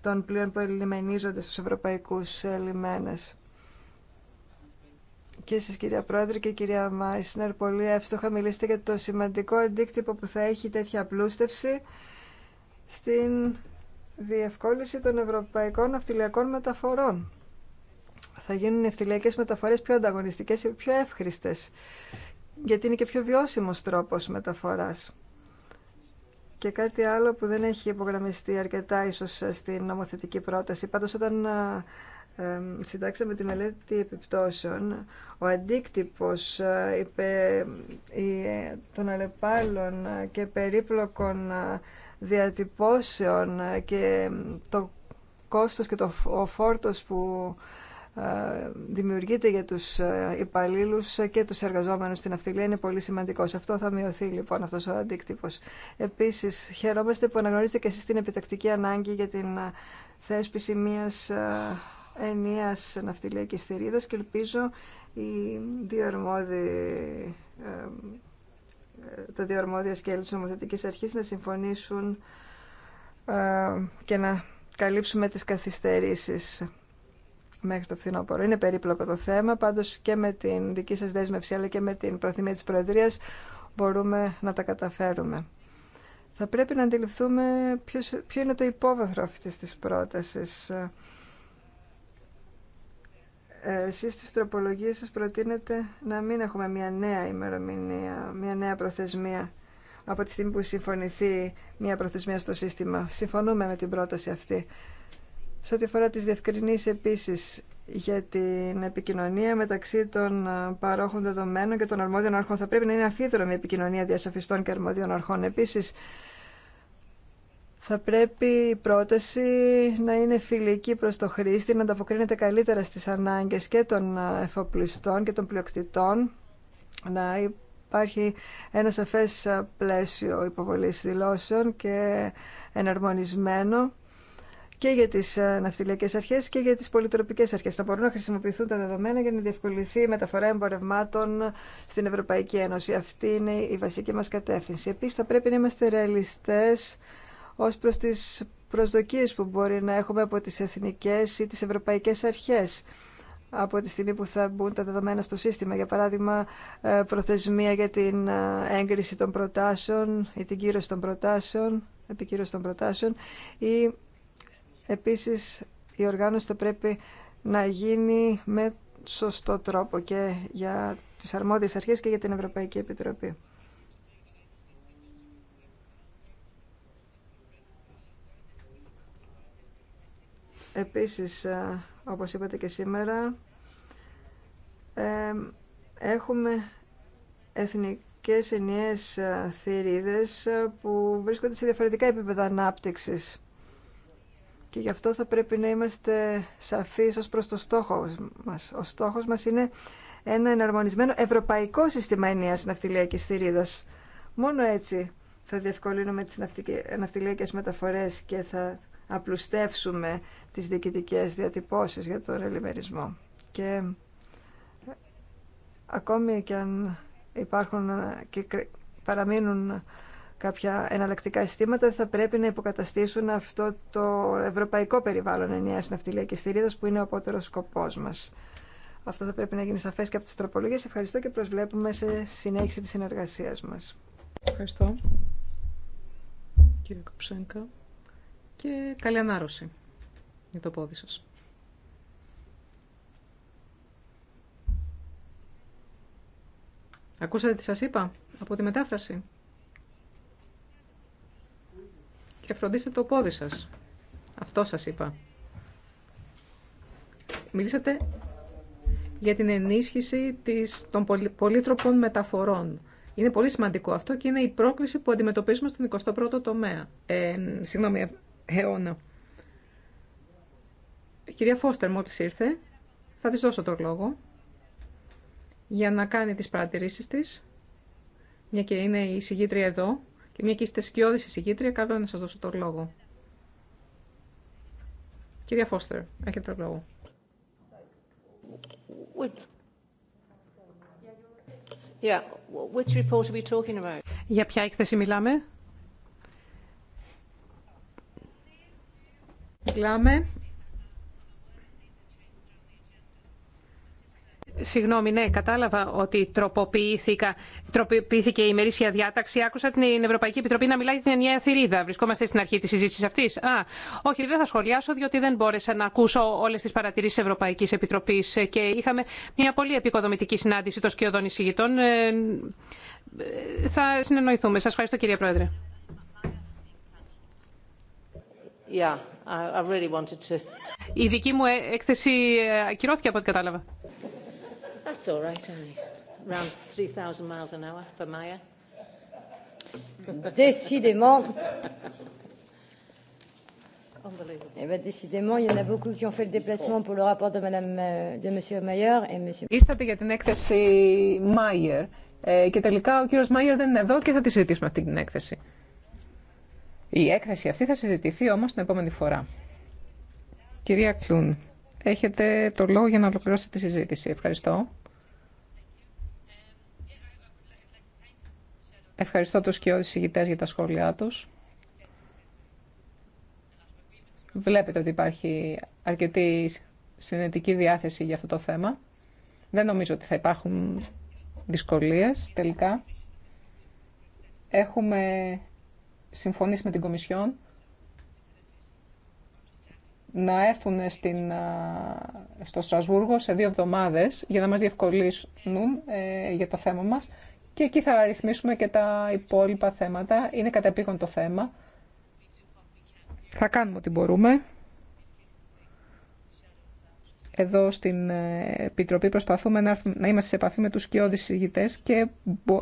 των πλοίων που ελιμενίζονται στους ευρωπαϊκούς λιμένες και εσείς κυρία Πρόεδρε και κυρία Μάισνερ πολύ εύστοχα μιλήσετε για το σημαντικό αντίκτυπο που θα έχει τέτοια απλούστευση στην διευκόλυνση των ευρωπαϊκών αυτιλιακών μεταφορών. Θα γίνουν οι ναυτιλιακές μεταφορές πιο ανταγωνιστικές και πιο εύχριστες γιατί είναι και πιο βιώσιμος τρόπος μεταφοράς. Και κάτι άλλο που δεν έχει υπογραμμιστεί αρκετά ίσως στην νομοθετική πρόταση. Πάντως όταν συντάξαμε τη μελέτη επιπτώσεων, ο αντίκτυπος ε, ε, των αλλεπάλων και περίπλοκων ε, διατυπώσεων και το κόστος και το ο φόρτος που δημιουργείται για τους υπαλλήλους και τους εργαζόμενους στην αυτιλία είναι πολύ σημαντικό. αυτό θα μειωθεί λοιπόν αυτός ο αντίκτυπος. Επίσης, χαιρόμαστε που αναγνωρίζετε και εσείς την επιτακτική ανάγκη για την θέσπιση μιας ενίας ναυτιλιακής θηρίδας και ελπίζω οι δύο τα δύο αρμόδια σκέλη της νομοθετικής αρχής να συμφωνήσουν και να καλύψουμε τις καθυστερήσεις μέχρι το φθινόπωρο. Είναι περίπλοκο το θέμα, πάντως και με την δική σας δέσμευση αλλά και με την προθυμία της Προεδρίας μπορούμε να τα καταφέρουμε. Θα πρέπει να αντιληφθούμε ποιο είναι το υπόβαθρο αυτής της πρότασης Εσεί στις τροπολογίες σας προτείνετε να μην έχουμε μια νέα ημερομηνία, μια νέα προθεσμία από τη στιγμή που συμφωνηθεί μια προθεσμία στο σύστημα. Συμφωνούμε με την πρόταση αυτή. Σε ό,τι αφορά τι διευκρινήσεις επίσης για την επικοινωνία μεταξύ των ε, παρόχων δεδομένων και των αρμόδιων αρχών θα πρέπει να είναι αφίδρομη η επικοινωνία διασαφιστών και αρμόδιων αρχών. Επίσης, θα πρέπει η πρόταση να είναι φιλική προς το χρήστη, να ανταποκρίνεται καλύτερα στις ανάγκες και των εφοπλιστών και των πλειοκτητών, να υπάρχει ένα σαφές πλαίσιο υποβολής δηλώσεων και εναρμονισμένο και για τις ναυτιλιακές αρχές και για τις πολυτροπικές αρχές. Θα μπορούν να χρησιμοποιηθούν τα δεδομένα για να διευκολυνθεί η μεταφορά εμπορευμάτων στην Ευρωπαϊκή Ένωση. Αυτή είναι η βασική μας κατεύθυνση. Επίσης θα πρέπει να είμαστε ρεαλιστές ως προς τις προσδοκίες που μπορεί να έχουμε από τις εθνικές ή τις ευρωπαϊκές αρχές από τη στιγμή που θα μπουν τα δεδομένα στο σύστημα. Για παράδειγμα, ε, προθεσμία για την ε, έγκριση των προτάσεων ή την κύρωση των προτάσεων, επικύρωση των προτάσεων ή επίσης η οργάνωση θα πρέπει να γίνει με σωστό τρόπο και για τις αρμόδιες αρχές και για την Ευρωπαϊκή Επιτροπή. Επίσης, ε, όπως είπατε και σήμερα, ε, έχουμε εθνικές ενιαίες ε, θηρίδες που βρίσκονται σε διαφορετικά επίπεδα ανάπτυξης. Και γι' αυτό θα πρέπει να είμαστε σαφείς ως προς το στόχο μας. Ο στόχος μας είναι ένα εναρμονισμένο ευρωπαϊκό σύστημα ενιαίας ναυτιλιακής θηρίδας. Μόνο έτσι θα διευκολύνουμε τις ναυτιλιακές μεταφορές και θα απλουστεύσουμε τις διοικητικές διατυπώσεις για τον ρελιμερισμό. Και ε, ακόμη και αν υπάρχουν και παραμείνουν κάποια εναλλακτικά συστήματα θα πρέπει να υποκαταστήσουν αυτό το ευρωπαϊκό περιβάλλον ενιαίας ναυτιλιακής θηρίδας που είναι ο απότερος σκοπός μας. Αυτό θα πρέπει να γίνει σαφές και από τις τροπολογίες. Ευχαριστώ και προσβλέπουμε σε συνέχιση της συνεργασίας μας. Ευχαριστώ και καλή ανάρρωση για το πόδι σας. Ακούσατε τι σας είπα από τη μετάφραση. Και φροντίστε το πόδι σας. Αυτό σας είπα. Μιλήσατε για την ενίσχυση της, των πολύτροπων μεταφορών. Είναι πολύ σημαντικό αυτό και είναι η πρόκληση που αντιμετωπίζουμε στον 21ο τομέα. Ε, συγγνώμη, αιώνα. Η κυρία Φώστερ μόλις ήρθε, θα της δώσω το λόγο για να κάνει τις παρατηρήσεις της, μια και είναι η συγγήτρια εδώ και μια και είστε σκιώδης η συγγήτρια, καλό να σας δώσω το λόγο. Κυρία Φώστερ, έχετε τον λόγο. Yeah. Which report are Για ποια έκθεση μιλάμε? Κλάμε. Συγγνώμη, ναι, κατάλαβα ότι τροποποιήθηκα, τροποποιήθηκε η ημερήσια διάταξη. Άκουσα την Ευρωπαϊκή Επιτροπή να μιλάει για την ενιαία θηρίδα. Βρισκόμαστε στην αρχή τη συζήτηση αυτή. Α, όχι, δεν θα σχολιάσω, διότι δεν μπόρεσα να ακούσω όλε τι παρατηρήσει τη Ευρωπαϊκή Επιτροπή ε, και είχαμε μια πολύ επικοδομητική συνάντηση των σκιωδών εισηγητών. Ε, ε, θα συνεννοηθούμε. Σα ευχαριστώ, κύριε Πρόεδρε. I really wanted to. Η δική μου έκθεση ακυρώθηκε από ό,τι κατάλαβα. That's all right, only around 3,000 miles an hour for Maya. Décidément. Eh ben, décidément, il y en a beaucoup qui ont fait le déplacement pour le rapport de Madame, de Monsieur Mayer et Monsieur. Ήρθατε για την έκθεση Mayer ε, και τελικά ο κύριος Μάιερ δεν είναι εδώ και θα τη συζητήσουμε αυτή την έκθεση. Η έκθεση αυτή θα συζητηθεί όμως την επόμενη φορά. Κυρία Κλούν, έχετε το λόγο για να ολοκληρώσετε τη συζήτηση. Ευχαριστώ. Ευχαριστώ τους και όλους τους για τα σχόλιά τους. Βλέπετε ότι υπάρχει αρκετή συνετική διάθεση για αυτό το θέμα. Δεν νομίζω ότι θα υπάρχουν δυσκολίες τελικά. Έχουμε συμφωνήσει με την Κομισιόν να έρθουν στην, στο Στρασβούργο σε δύο εβδομάδες για να μας διευκολύνουν ε, για το θέμα μας και εκεί θα ρυθμίσουμε και τα υπόλοιπα θέματα. Είναι κατεπήγον το θέμα. Θα κάνουμε ό,τι μπορούμε εδώ στην ε, Επιτροπή προσπαθούμε να, να είμαστε σε επαφή με τους σκιώδεις συζητητές και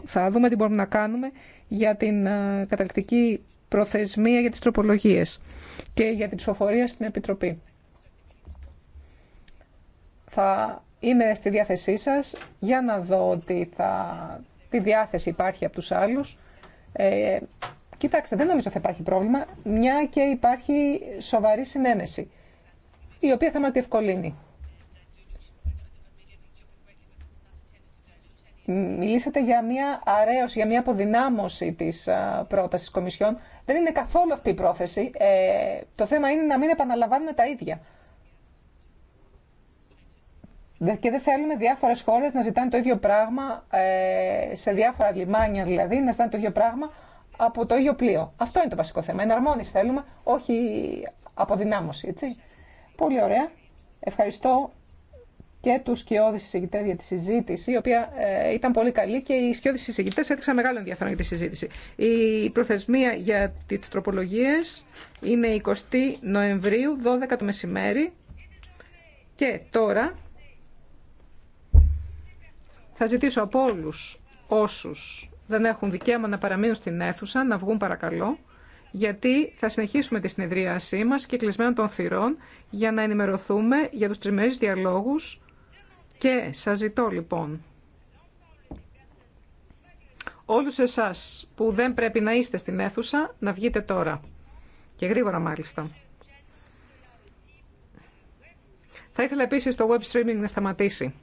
θα δούμε τι μπορούμε να κάνουμε για την ε, καταληκτική προθεσμία για τις τροπολογίες και για την ψηφοφορία στην Επιτροπή. Θα είμαι στη διάθεσή σας για να δω ότι θα, τη διάθεση υπάρχει από τους άλλους. Ε, κοιτάξτε, δεν νομίζω θα υπάρχει πρόβλημα, μια και υπάρχει σοβαρή συνένεση, η οποία θα μας διευκολύνει. Μιλήσατε για μια αρέωση, για μια αποδυνάμωση της πρότασης της Κομισιόν. Δεν είναι καθόλου αυτή η πρόθεση. Ε, το θέμα είναι να μην επαναλαμβάνουμε τα ίδια. Και δεν θέλουμε διάφορε χώρε να ζητάνε το ίδιο πράγμα, ε, σε διάφορα λιμάνια δηλαδή, να ζητάνε το ίδιο πράγμα από το ίδιο πλοίο. Αυτό είναι το βασικό θέμα. Εναρμόνιση θέλουμε, όχι αποδυνάμωση. Πολύ ωραία. Ευχαριστώ και του σκιώδη συζητητέ για τη συζήτηση, η οποία ε, ήταν πολύ καλή και οι σκιώδη συζητητέ έδειξαν μεγάλο ενδιαφέρον για τη συζήτηση. Η προθεσμία για τι τροπολογίε είναι 20 Νοεμβρίου, 12 το μεσημέρι. Και τώρα θα ζητήσω από όλου όσου δεν έχουν δικαίωμα να παραμείνουν στην αίθουσα να βγουν παρακαλώ γιατί θα συνεχίσουμε τη συνεδρίασή μας και κλεισμένων των θυρών για να ενημερωθούμε για τους τριμερείς διαλόγους και σας ζητώ λοιπόν όλους εσάς που δεν πρέπει να είστε στην αίθουσα να βγείτε τώρα και γρήγορα μάλιστα. Θα ήθελα επίσης το web streaming να σταματήσει.